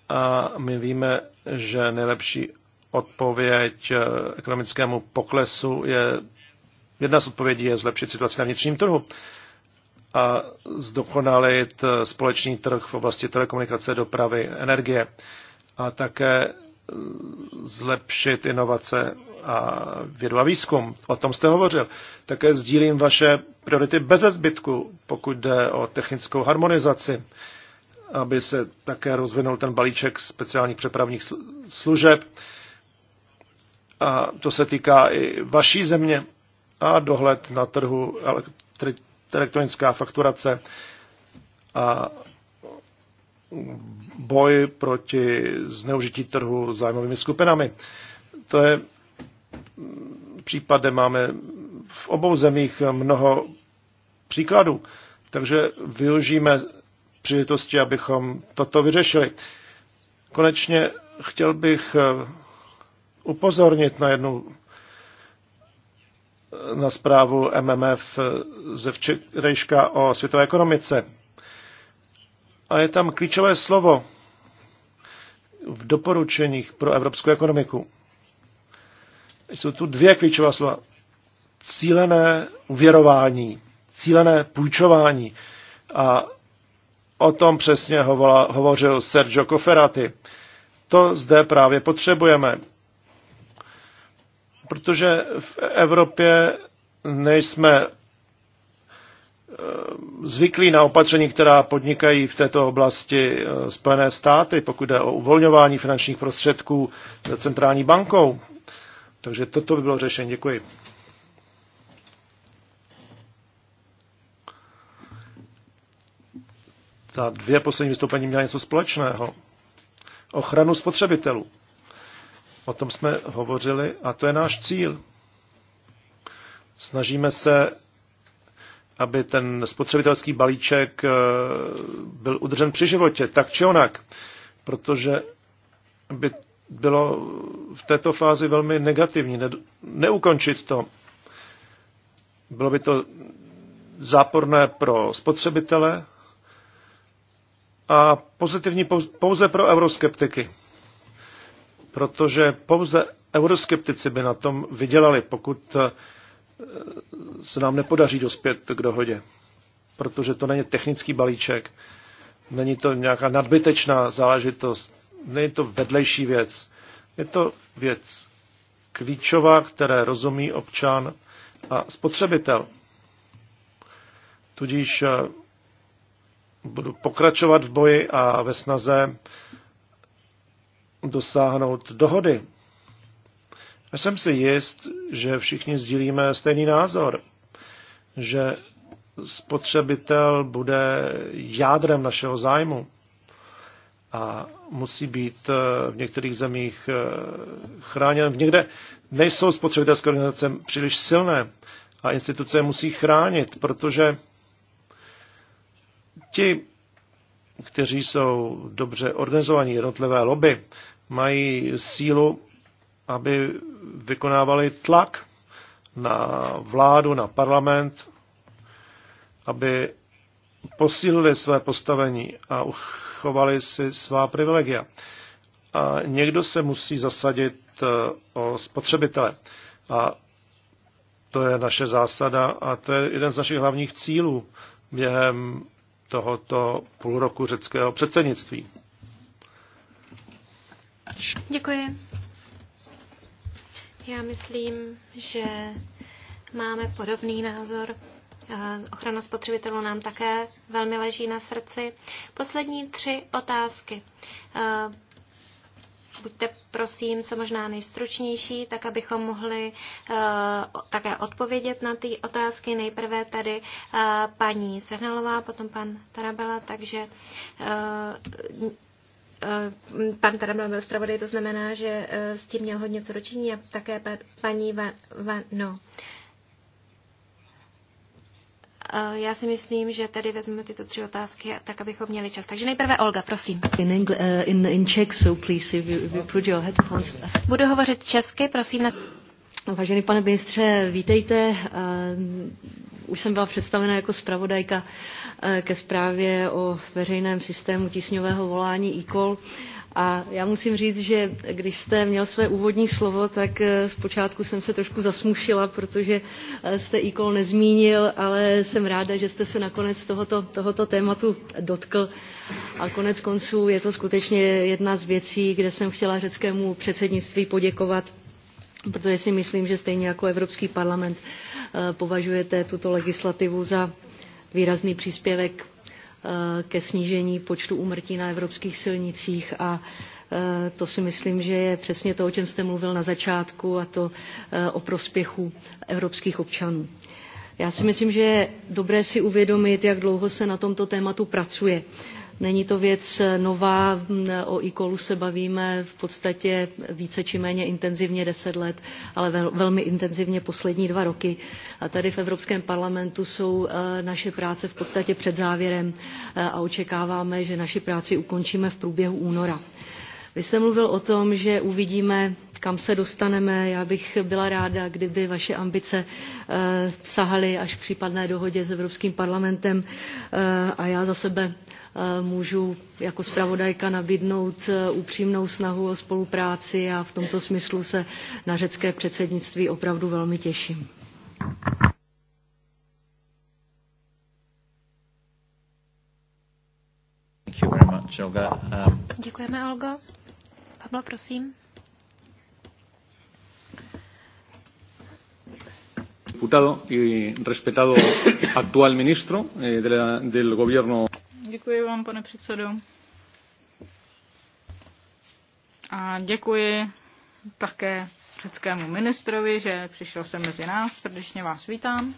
A my víme, že nejlepší odpověď ekonomickému poklesu je, jedna z odpovědí je zlepšit situaci na vnitřním trhu a zdokonalit eh, společný trh v oblasti telekomunikace, dopravy, energie a také eh, zlepšit inovace a vědu a výzkum. O tom jste hovořil. Také sdílím vaše priority bez zbytku, pokud jde o technickou harmonizaci, aby se také rozvinul ten balíček speciálních přepravních služeb. A to se týká i vaší země a dohled na trhu elektri- elektronická fakturace a boj proti zneužití trhu zájmovými skupinami. To je případe máme v obou zemích mnoho příkladů, takže využijeme příležitosti, abychom toto vyřešili. Konečně chtěl bych upozornit na jednu na zprávu MMF ze včerejška o světové ekonomice. A je tam klíčové slovo v doporučeních pro evropskou ekonomiku. Jsou tu dvě klíčová slova. Cílené uvěrování, cílené půjčování. A o tom přesně hovořil Sergio Coferati. To zde právě potřebujeme protože v Evropě nejsme eh, zvyklí na opatření, která podnikají v této oblasti eh, Spojené státy, pokud jde o uvolňování finančních prostředků centrální bankou. Takže toto by bylo řešení. Děkuji. Ta dvě poslední vystoupení měla něco společného. Ochranu spotřebitelů. O tom jsme hovořili a to je náš cíl. Snažíme se, aby ten spotřebitelský balíček eh, byl udržen při životě, tak či onak, protože by bylo v této fázi velmi negativní neukončit to. Bylo by to záporné pro spotřebitele a pozitivní pouze pro euroskeptiky protože pouze euroskeptici by na tom vydělali, pokud eh, se nám nepodaří dospět k dohodě. Protože to není technický balíček, není to nějaká nadbytečná záležitost, není to vedlejší věc. Je to věc klíčová, které rozumí občan a spotřebitel. Tudíž eh, budu pokračovat v boji a ve snaze dosáhnout dohody. A jsem si jist, že všichni sdílíme stejný názor, že spotřebitel bude jádrem našeho zájmu a musí být eh, v některých zemích eh, chráněn. V někde nejsou spotřebitelské organizace příliš silné a instituce musí chránit, protože ti, kteří jsou dobře organizovaní, jednotlivé lobby, mají sílu, aby vykonávali tlak na vládu, na parlament, aby posílili své postavení a uchovali si svá privilegia. A někdo se musí zasadit eh, o spotřebitele. A to je naše zásada a to je jeden z našich hlavních cílů během tohoto půl roku řeckého předsednictví. Děkuji. Já myslím, že máme podobný názor. Eh, ochrana spotřebitelů nám také velmi leží na srdci. Poslední tři otázky. Eh, buďte prosím co možná nejstručnější, tak abychom mohli eh, také odpovědět na ty otázky. Nejprve tady paní Sehnalová, potom pan Tarabela, takže Eh, pan Tarabla byl zpravodaj, to znamená, že eh, s tím měl hodně co dočiní a také paní Van, Van no. Eh, já si myslím, že tedy vezmeme tyto tři otázky, tak abychom měli čas. Takže nejprve Olga, prosím. Budu hovořit česky, prosím. Na... Vážený pane ministře, vítejte už jsem byla představena jako zpravodajka eh, ke zprávě o veřejném systému tísňového volání e-call. A já musím říct, že když jste měl své úvodní slovo, tak eh, zpočátku jsem se trošku zasmušila, protože eh, jste e-call nezmínil, ale jsem ráda, že jste se nakonec tohoto, tohoto tématu dotkl. A konec konců je to skutečně jedna z věcí, kde jsem chtěla řeckému předsednictví poděkovat protože si myslím, že stejně jako Evropský parlament eh, považujete tuto legislativu za výrazný příspěvek eh, ke snížení počtu úmrtí na evropských silnicích a eh, to si myslím, že je přesně to, o čem jste mluvil na začátku, a to o prospěchu evropských občanů. Já si myslím, že je dobré si uvědomit, jak dlouho se na tomto tématu pracuje. Uh, Není to věc eh, nová, o e se bavíme v podstatě více či méně intenzivně deset let, ale velmi intenzivně poslední dva roky. A tady v Evropském parlamentu jsou eh, naše práce v podstatě před závěrem eh, a očekáváme, že naši práci ukončíme v průběhu února. Vy jste mluvil o tom, že uvidíme kam se dostaneme. Já bych byla ráda, kdyby vaše ambice eh, sahaly až k případné dohodě s Evropským parlamentem eh, a já za sebe eh, můžu jako zpravodajka nabídnout upřímnou snahu o spolupráci a v tomto smyslu se na řecké předsednictví opravdu velmi těším. Um, Děkujeme, Olga. Pavla, prosím. diputado y respetado actual ministro eh, de la, del gobierno. Děkuji vám, pane předsedo. A děkuji také řeckému ministrovi, že přišel sem mezi nás. Srdečně vás vítám.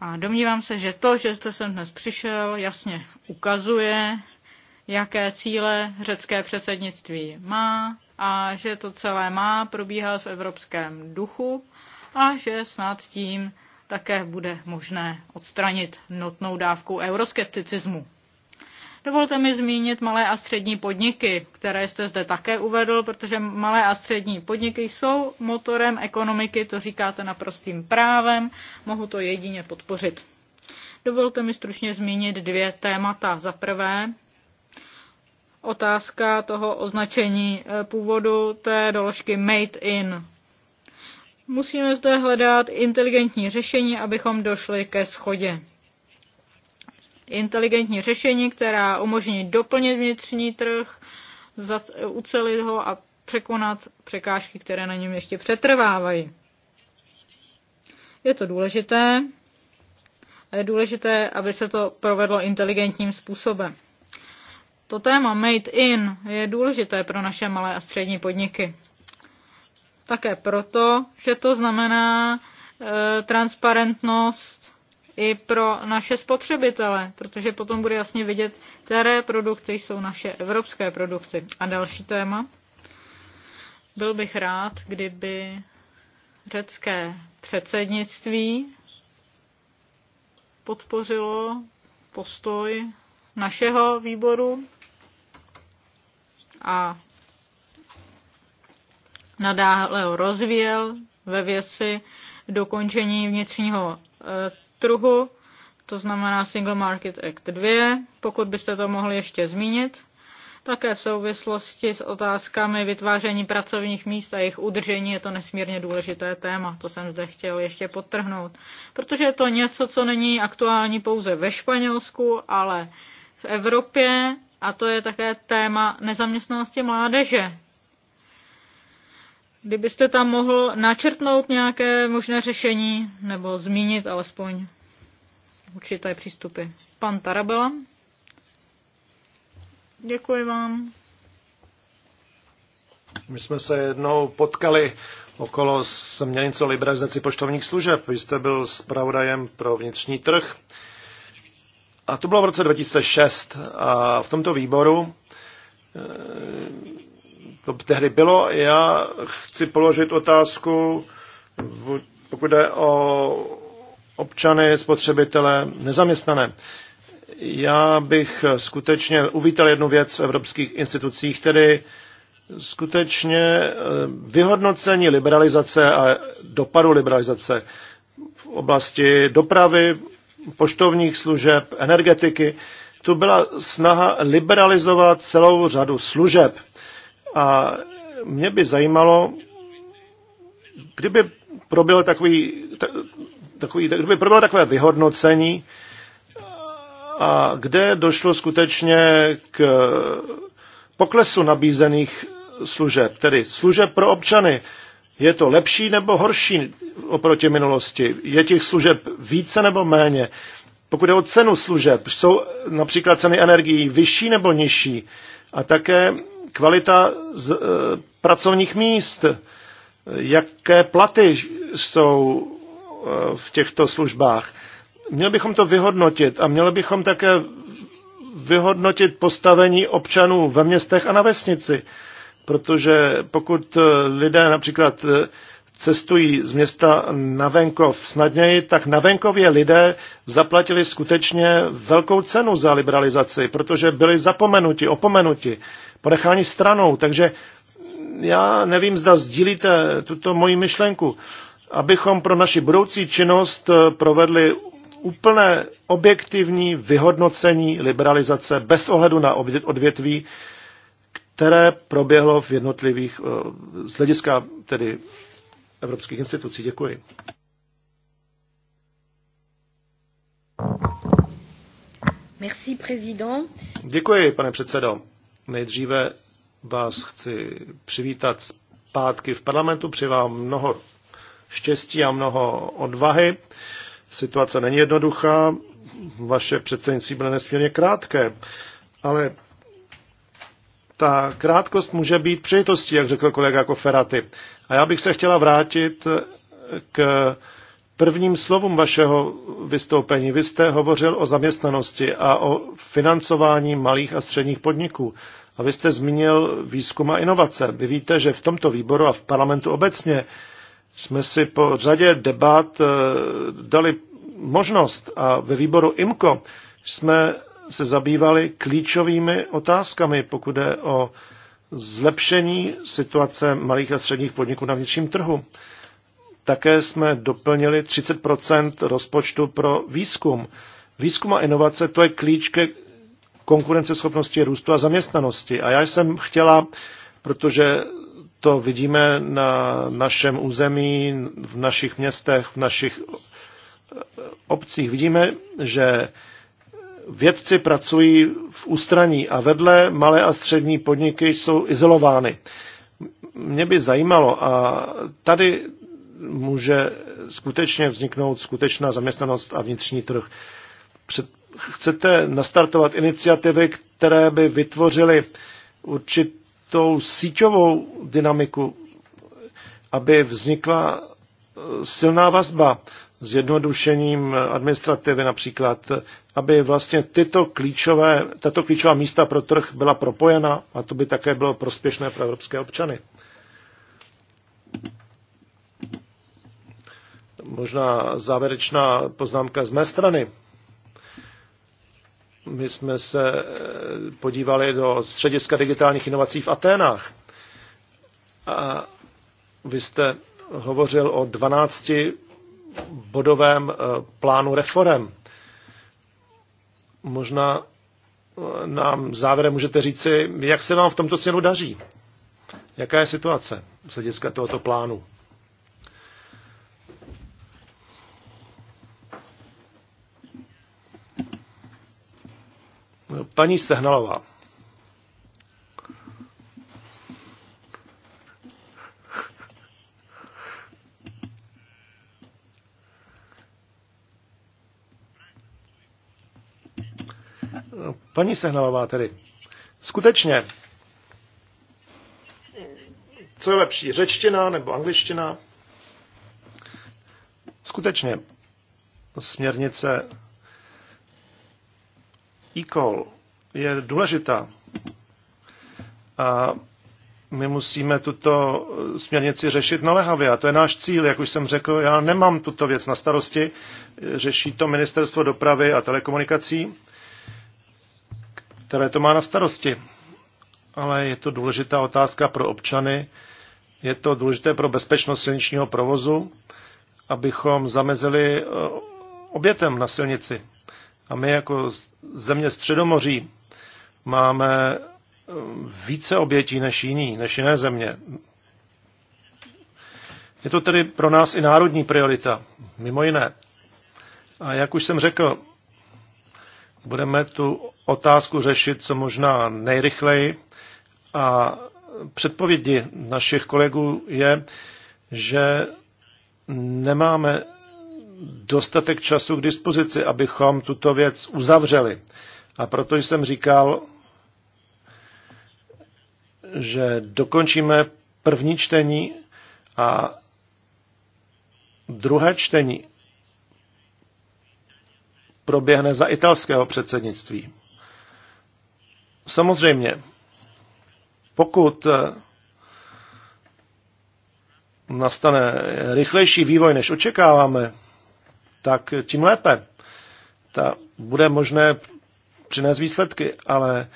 A domnívám se, že to, že jste sem dnes přišel, jasně ukazuje, jaké cíle řecké předsednictví má a že to celé má, probíhá v evropském duchu a že snad tím také bude možné odstranit notnou dávku euroskepticismu. Dovolte mi zmínit malé a střední podniky, které jste zde také uvedl, protože malé a střední podniky jsou motorem ekonomiky, to říkáte naprostým právem, mohu to jedině podpořit. Dovolte mi stručně zmínit dvě témata. Za prvé, otázka toho označení eh, původu té doložky made in. Musíme zde hledat inteligentní řešení, abychom došli ke schodě. Inteligentní řešení, která umožní doplnit vnitřní trh, ucelit ho a překonat překážky, které na něm ještě přetrvávají. Je to důležité. A je důležité, aby se to provedlo inteligentním způsobem to téma Made in je důležité pro naše malé a střední podniky. Také proto, že to znamená e, transparentnost i pro naše spotřebitele, protože potom bude jasně vidět, které produkty jsou naše evropské produkty. A další téma. Byl bych rád, kdyby řecké předsednictví podpořilo postoj našeho výboru a nadále ho rozvíjel ve věci dokončení vnitřního eh, trhu, to znamená Single Market Act 2, pokud byste to mohli ještě zmínit, také v souvislosti s otázkami vytváření pracovních míst a jejich udržení je to nesmírně důležité téma. To jsem zde chtěl ještě podtrhnout. Protože je to něco, co není aktuální pouze ve Španělsku, ale v Evropě a to je také téma nezaměstnanosti mládeže. Kdybyste tam mohl načrtnout nějaké možné řešení nebo zmínit alespoň určité přístupy. Pan Tarabela. Děkuji vám. My jsme se jednou potkali okolo směrnice o liberalizaci poštovních služeb. Vy jste byl zpravodajem pro vnitřní trh a to bylo v roce 2006. A v tomto výboru eh, to tehdy bylo. Já chci položit otázku, pokud jde o občany, spotřebitele, nezaměstnané. Já bych skutečně uvítal jednu věc v evropských institucích, tedy skutečně eh, vyhodnocení liberalizace a dopadu liberalizace v oblasti dopravy, poštovních služeb, energetiky. Tu byla snaha liberalizovat celou řadu služeb. A mě by zajímalo, kdyby proběhlo takový, takový, kdyby proběhlo takové vyhodnocení, a kde došlo skutečně k poklesu nabízených služeb, tedy služeb pro občany, je to lepší nebo horší oproti minulosti? Je těch služeb více nebo méně? Pokud je o cenu služeb, jsou například ceny energií vyšší nebo nižší? A také kvalita z, e, pracovních míst, jaké platy jsou e, v těchto službách. Měli bychom to vyhodnotit a měli bychom také vyhodnotit postavení občanů ve městech a na vesnici protože pokud eh, lidé například eh, cestují z města na venkov snadněji, tak na venkově lidé zaplatili skutečně velkou cenu za liberalizaci, protože byli zapomenuti, opomenuti, ponecháni stranou. Takže já nevím, zda sdílíte tuto moji myšlenku, abychom pro naši budoucí činnost eh, provedli úplné objektivní vyhodnocení liberalizace bez ohledu na odvětví, které proběhlo v jednotlivých, eh, z hlediska tedy evropských institucí. Děkuji. Merci, président. Děkuji, pane předsedo. Nejdříve vás chci přivítat zpátky v parlamentu. Přeji vám mnoho štěstí a mnoho odvahy. Situace není jednoduchá, vaše předsednictví bylo nesmírně krátké, ale ta krátkost může být přejitostí, jak řekl kolega Koferaty. A já bych se chtěla vrátit k prvním slovům vašeho vystoupení. Vy jste hovořil o zaměstnanosti a o financování malých a středních podniků. A vy jste zmínil výzkum a inovace. Vy víte, že v tomto výboru a v parlamentu obecně jsme si po řadě debat eh, dali možnost a ve výboru IMCO jsme se zabývali klíčovými otázkami, pokud je o zlepšení situace malých a středních podniků na vnitřním trhu. Také jsme doplnili 30 rozpočtu pro výzkum. Výzkum a inovace to je klíč ke konkurenceschopnosti růstu a zaměstnanosti. A já jsem chtěla, protože to vidíme na našem území, v našich městech, v našich obcích, vidíme, že vědci pracují v ústraní a vedle malé a střední podniky jsou izolovány. Mě by zajímalo, a tady může skutečně vzniknout skutečná zaměstnanost a vnitřní trh. Před, chcete nastartovat iniciativy, které by vytvořily určitou síťovou dynamiku, aby vznikla silná vazba zjednodušením administrativy například, aby vlastně tyto klíčové, tato klíčová místa pro trh byla propojena a to by také bylo prospěšné pro evropské občany. Možná závěrečná poznámka z mé strany. My jsme se eh, podívali do střediska digitálních inovací v Aténách. A vy jste hovořil o 12 bodovém eh, plánu reform. Možná eh, nám závěrem můžete říci, jak se vám v tomto směru daří. Jaká je situace z hlediska tohoto plánu? Paní Sehnalová. Paní Sehnalová tedy, skutečně, co je lepší, řečtina nebo angličtina? Skutečně, směrnice e-call je důležitá. A my musíme tuto směrnici řešit naléhavě. A to je náš cíl, jak už jsem řekl, já nemám tuto věc na starosti, řeší to Ministerstvo dopravy a telekomunikací které to má na starosti. Ale je to důležitá otázka pro občany, je to důležité pro bezpečnost silničního provozu, abychom zamezili eh, obětem na silnici. A my jako země Středomoří máme eh, více obětí než jiní, než jiné země. Je to tedy pro nás i národní priorita, mimo jiné. A jak už jsem řekl, Budeme tu otázku řešit co možná nejrychleji a předpovědi našich kolegů je, že nemáme dostatek času k dispozici, abychom tuto věc uzavřeli. A proto jsem říkal, že dokončíme první čtení a druhé čtení proběhne za italského předsednictví. Samozřejmě, pokud eh, nastane rychlejší vývoj, než očekáváme, tak tím lépe. Ta bude možné přinést výsledky, ale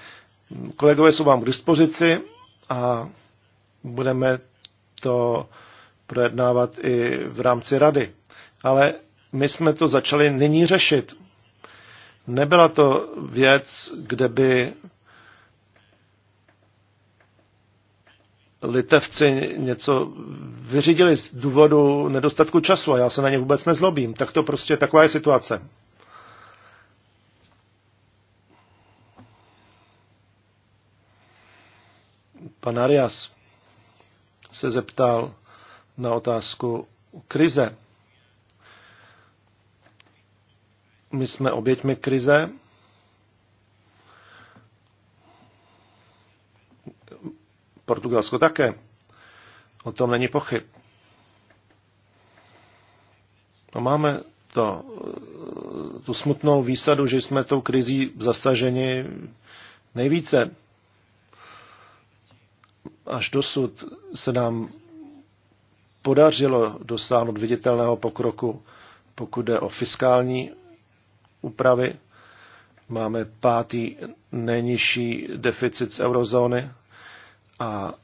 kolegové jsou vám k dispozici a budeme to projednávat i v rámci rady. Ale my jsme to začali nyní řešit. Nebyla to věc, kde by litevci něco vyřídili z důvodu nedostatku času a já se na ně vůbec nezlobím. Tak to prostě taková je situace. Pan Arias se zeptal na otázku krize. My jsme oběťmi krize. Portugalsko také. O tom není pochyb. A no, máme to, tu smutnou výsadu, že jsme tou krizí zasaženi nejvíce. Až dosud se nám podařilo dosáhnout viditelného pokroku, pokud jde o fiskální úpravy. Máme pátý nejnižší deficit z eurozóny a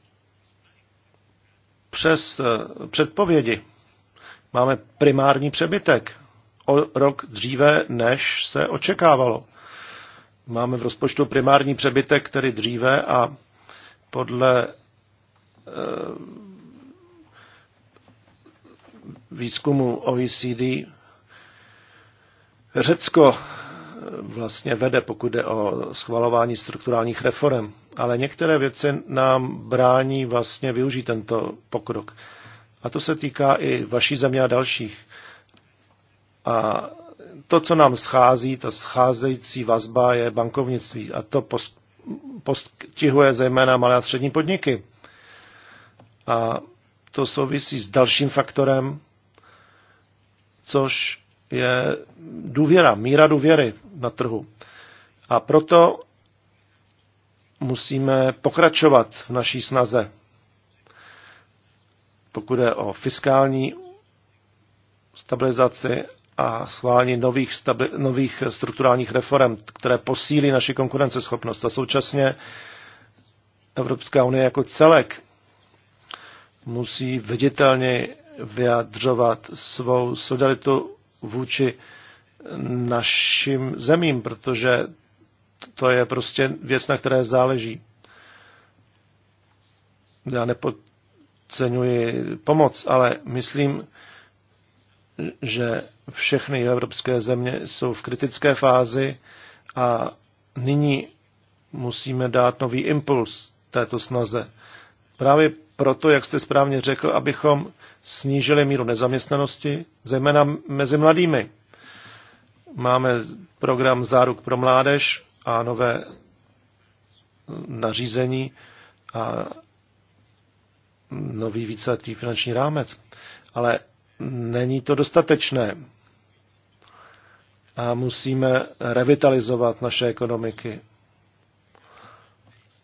přes eh, předpovědi máme primární přebytek o rok dříve, než se očekávalo. Máme v rozpočtu primární přebytek, který dříve a podle eh, výzkumu OECD Řecko eh, vlastně vede, pokud jde o schvalování strukturálních reform, ale některé věci nám brání vlastně využít tento pokrok. A to se týká i vaší země a dalších. A to, co nám schází, ta scházející vazba je bankovnictví. A to postihuje zejména malé a střední podniky. A to souvisí s dalším faktorem, což je důvěra, míra důvěry na trhu. A proto musíme pokračovat v naší snaze. Pokud je o fiskální stabilizaci a schválení nových, stabi- nových strukturálních reform, které posílí naši konkurenceschopnost. A současně Evropská unie jako celek musí viditelně vyjadřovat svou solidaritu vůči našim zemím, protože to je prostě věc, na které záleží. Já nepodceňuji pomoc, ale myslím, že všechny evropské země jsou v kritické fázi a nyní musíme dát nový impuls této snaze. Právě proto, jak jste správně řekl, abychom snížili míru nezaměstnanosti, zejména mezi mladými. Máme program záruk pro mládež a nové nařízení a nový víceletý finanční rámec. Ale není to dostatečné. A musíme revitalizovat naše ekonomiky.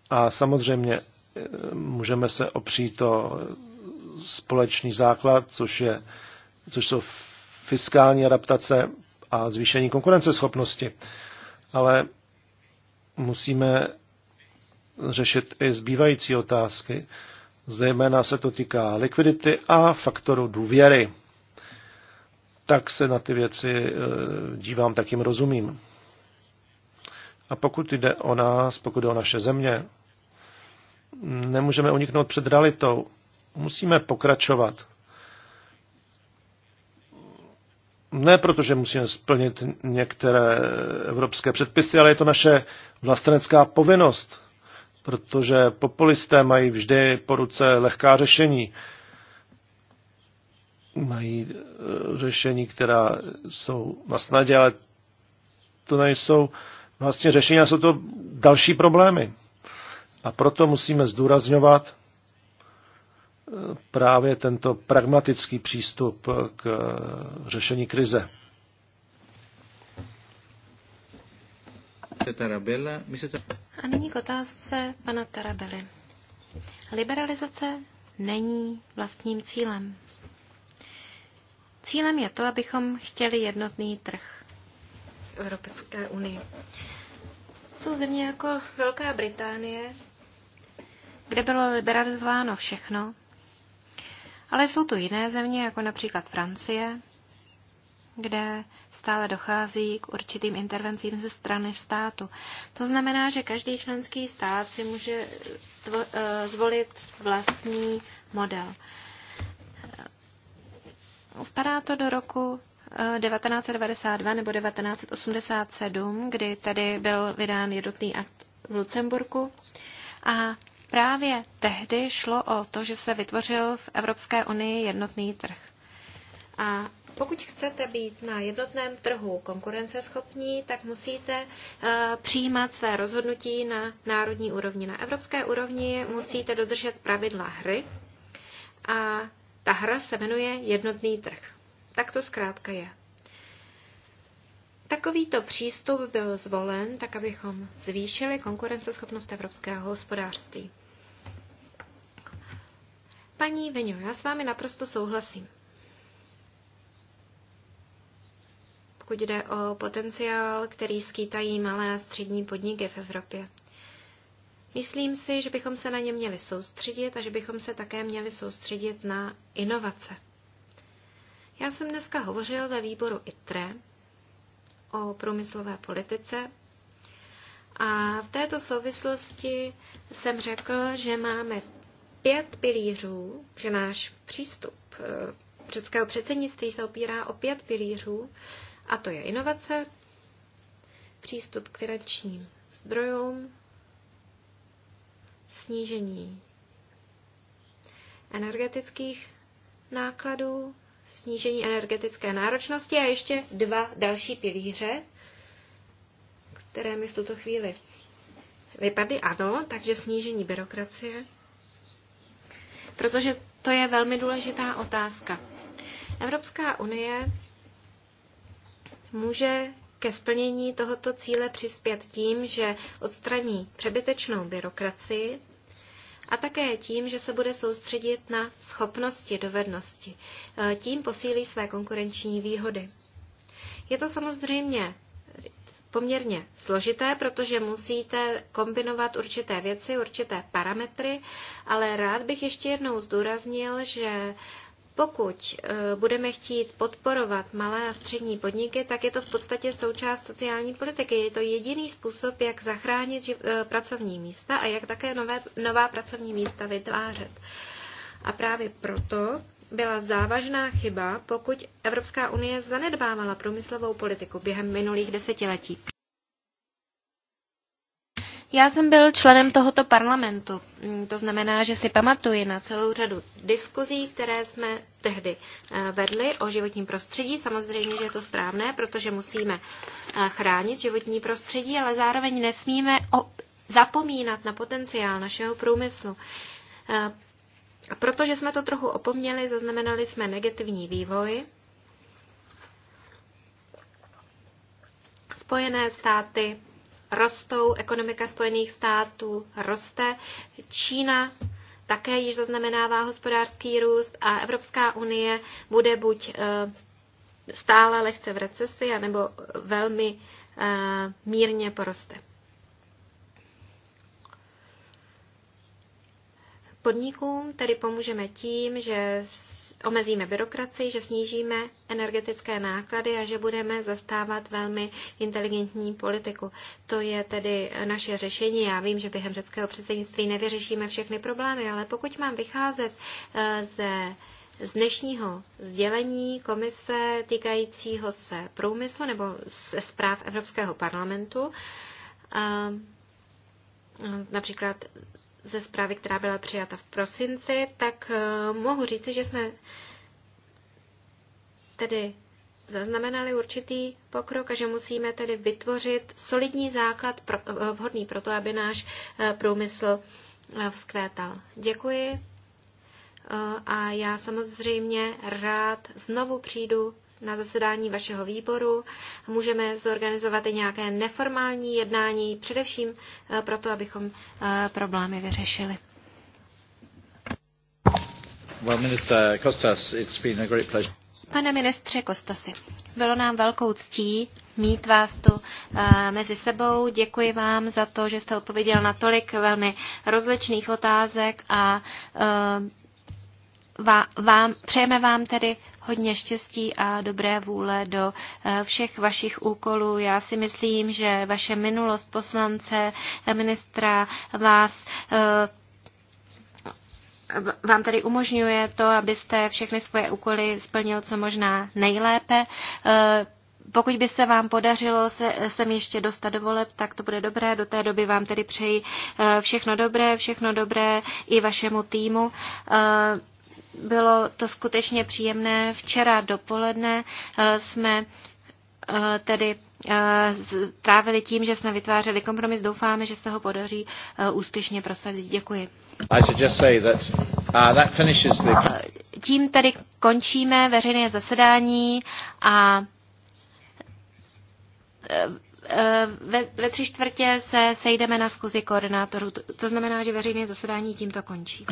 A samozřejmě eh, můžeme se opřít o společný základ, což, je, což jsou fiskální adaptace a zvýšení konkurenceschopnosti. Ale musíme řešit i zbývající otázky. Zejména se to týká likvidity a faktoru důvěry. Tak se na ty věci e, dívám, tak jim rozumím. A pokud jde o nás, pokud jde o naše země, nemůžeme uniknout před realitou musíme pokračovat. Ne protože musíme splnit některé evropské předpisy, ale je to naše vlastenecká povinnost, protože populisté mají vždy po ruce lehká řešení. Mají e, řešení, která jsou na snadě, ale to nejsou vlastně řešení, a jsou to další problémy. A proto musíme zdůrazňovat, právě tento pragmatický přístup k řešení krize. A nyní k otázce pana Tarabely. Liberalizace není vlastním cílem. Cílem je to, abychom chtěli jednotný trh v Evropské unii. Jsou země jako Velká Británie, kde bylo liberalizováno všechno, ale jsou tu jiné země, jako například Francie, kde stále dochází k určitým intervencím ze strany státu. To znamená, že každý členský stát si může eh, zvolit vlastní model. Spadá to do roku 1992 eh, nebo 1987, kdy tady byl vydán jednotný akt v Lucemburku a Právě tehdy šlo o to, že se vytvořil v Evropské unii jednotný trh. A pokud chcete být na jednotném trhu konkurenceschopní, tak musíte eh, přijímat své rozhodnutí na národní úrovni. Na evropské úrovni musíte dodržet pravidla hry a ta hra se jmenuje jednotný trh. Tak to zkrátka je. Takovýto přístup byl zvolen tak, abychom zvýšili konkurenceschopnost evropského hospodářství. Paní Veňo, já s vámi naprosto souhlasím. pokud jde o potenciál, který skýtají malé a střední podniky v Evropě. Myslím si, že bychom se na ně měli soustředit a že bychom se také měli soustředit na inovace. Já jsem dneska hovořil ve výboru ITRE o průmyslové politice. A v této souvislosti jsem řekl, že máme pět pilířů, že náš přístup eh, řeckého předsednictví se opírá o pět pilířů, a to je inovace, přístup k finančním zdrojům, snížení energetických nákladů snížení energetické náročnosti a ještě dva další pilíře, které mi v tuto chvíli vypadly. Ano, takže snížení byrokracie, protože to je velmi důležitá otázka. Evropská unie může ke splnění tohoto cíle přispět tím, že odstraní přebytečnou byrokracii a také tím, že se bude soustředit na schopnosti, dovednosti. E, tím posílí své konkurenční výhody. Je to samozřejmě poměrně složité, protože musíte kombinovat určité věci, určité parametry, ale rád bych ještě jednou zdůraznil, že pokud eh, budeme chtít podporovat malé a střední podniky, tak je to v podstatě součást sociální politiky. Je to jediný způsob, jak zachránit eh, pracovní místa a jak také nové, nová pracovní místa vytvářet. A právě proto byla závažná chyba, pokud Evropská unie zanedbávala průmyslovou politiku během minulých desetiletí. Já jsem byl členem tohoto parlamentu, mm, to znamená, že si pamatuji na celou řadu diskuzí, které jsme tehdy eh, vedli o životním prostředí. Samozřejmě, že je to správné, protože musíme eh, chránit životní prostředí, ale zároveň nesmíme zapomínat na potenciál našeho průmyslu. A eh, protože jsme to trochu opomněli, zaznamenali jsme negativní vývoj. Spojené státy rostou, ekonomika Spojených států roste, Čína také již zaznamenává hospodářský růst a Evropská unie bude buď eh, stále lehce v recesi, anebo velmi eh, mírně poroste. Podnikům tedy pomůžeme tím, že omezíme byrokracii, že snížíme energetické náklady a že budeme zastávat velmi inteligentní politiku. To je tedy naše řešení. Já vím, že během řeckého předsednictví nevyřešíme všechny problémy, ale pokud mám vycházet eh, ze z dnešního sdělení komise týkajícího se průmyslu nebo ze zpráv Evropského parlamentu, eh, například ze zprávy, která byla přijata v prosinci, tak eh, mohu říci, že jsme tedy zaznamenali určitý pokrok a že musíme tedy vytvořit solidní základ pro, eh, vhodný pro to, aby náš eh, průmysl vzkvétal. Děkuji a já samozřejmě rád znovu přijdu na zasedání vašeho výboru. Můžeme zorganizovat i nějaké neformální jednání, především eh, proto, abychom eh, problémy vyřešili. Well, Minister Kostas, it's been a great pleasure. Pane ministře Kostasi, bylo nám velkou ctí mít vás tu eh, mezi sebou. Děkuji vám za to, že jste odpověděl na tolik velmi rozličných otázek a vám, přejeme vám tedy hodně štěstí a dobré vůle do eh, všech vašich úkolů. Já si myslím, že vaše minulost poslance, eh, ministra vás eh, vám tady umožňuje to, abyste všechny svoje úkoly splnil co možná nejlépe. Pokud by se vám podařilo se, sem ještě dostat do voleb, tak to bude dobré. Do té doby vám tedy přeji všechno dobré, všechno dobré i vašemu týmu. Bylo to skutečně příjemné. Včera dopoledne eh, jsme eh, tedy eh, trávili tím, že jsme vytvářeli kompromis. Doufáme, že se ho podaří úspěšně prosadit. Děkuji. Uh, tím tedy končíme veřejné zasedání a ve, ve tři čtvrtě se sejdeme na schůzi koordinátorů. To znamená, že veřejné zasedání tímto končí.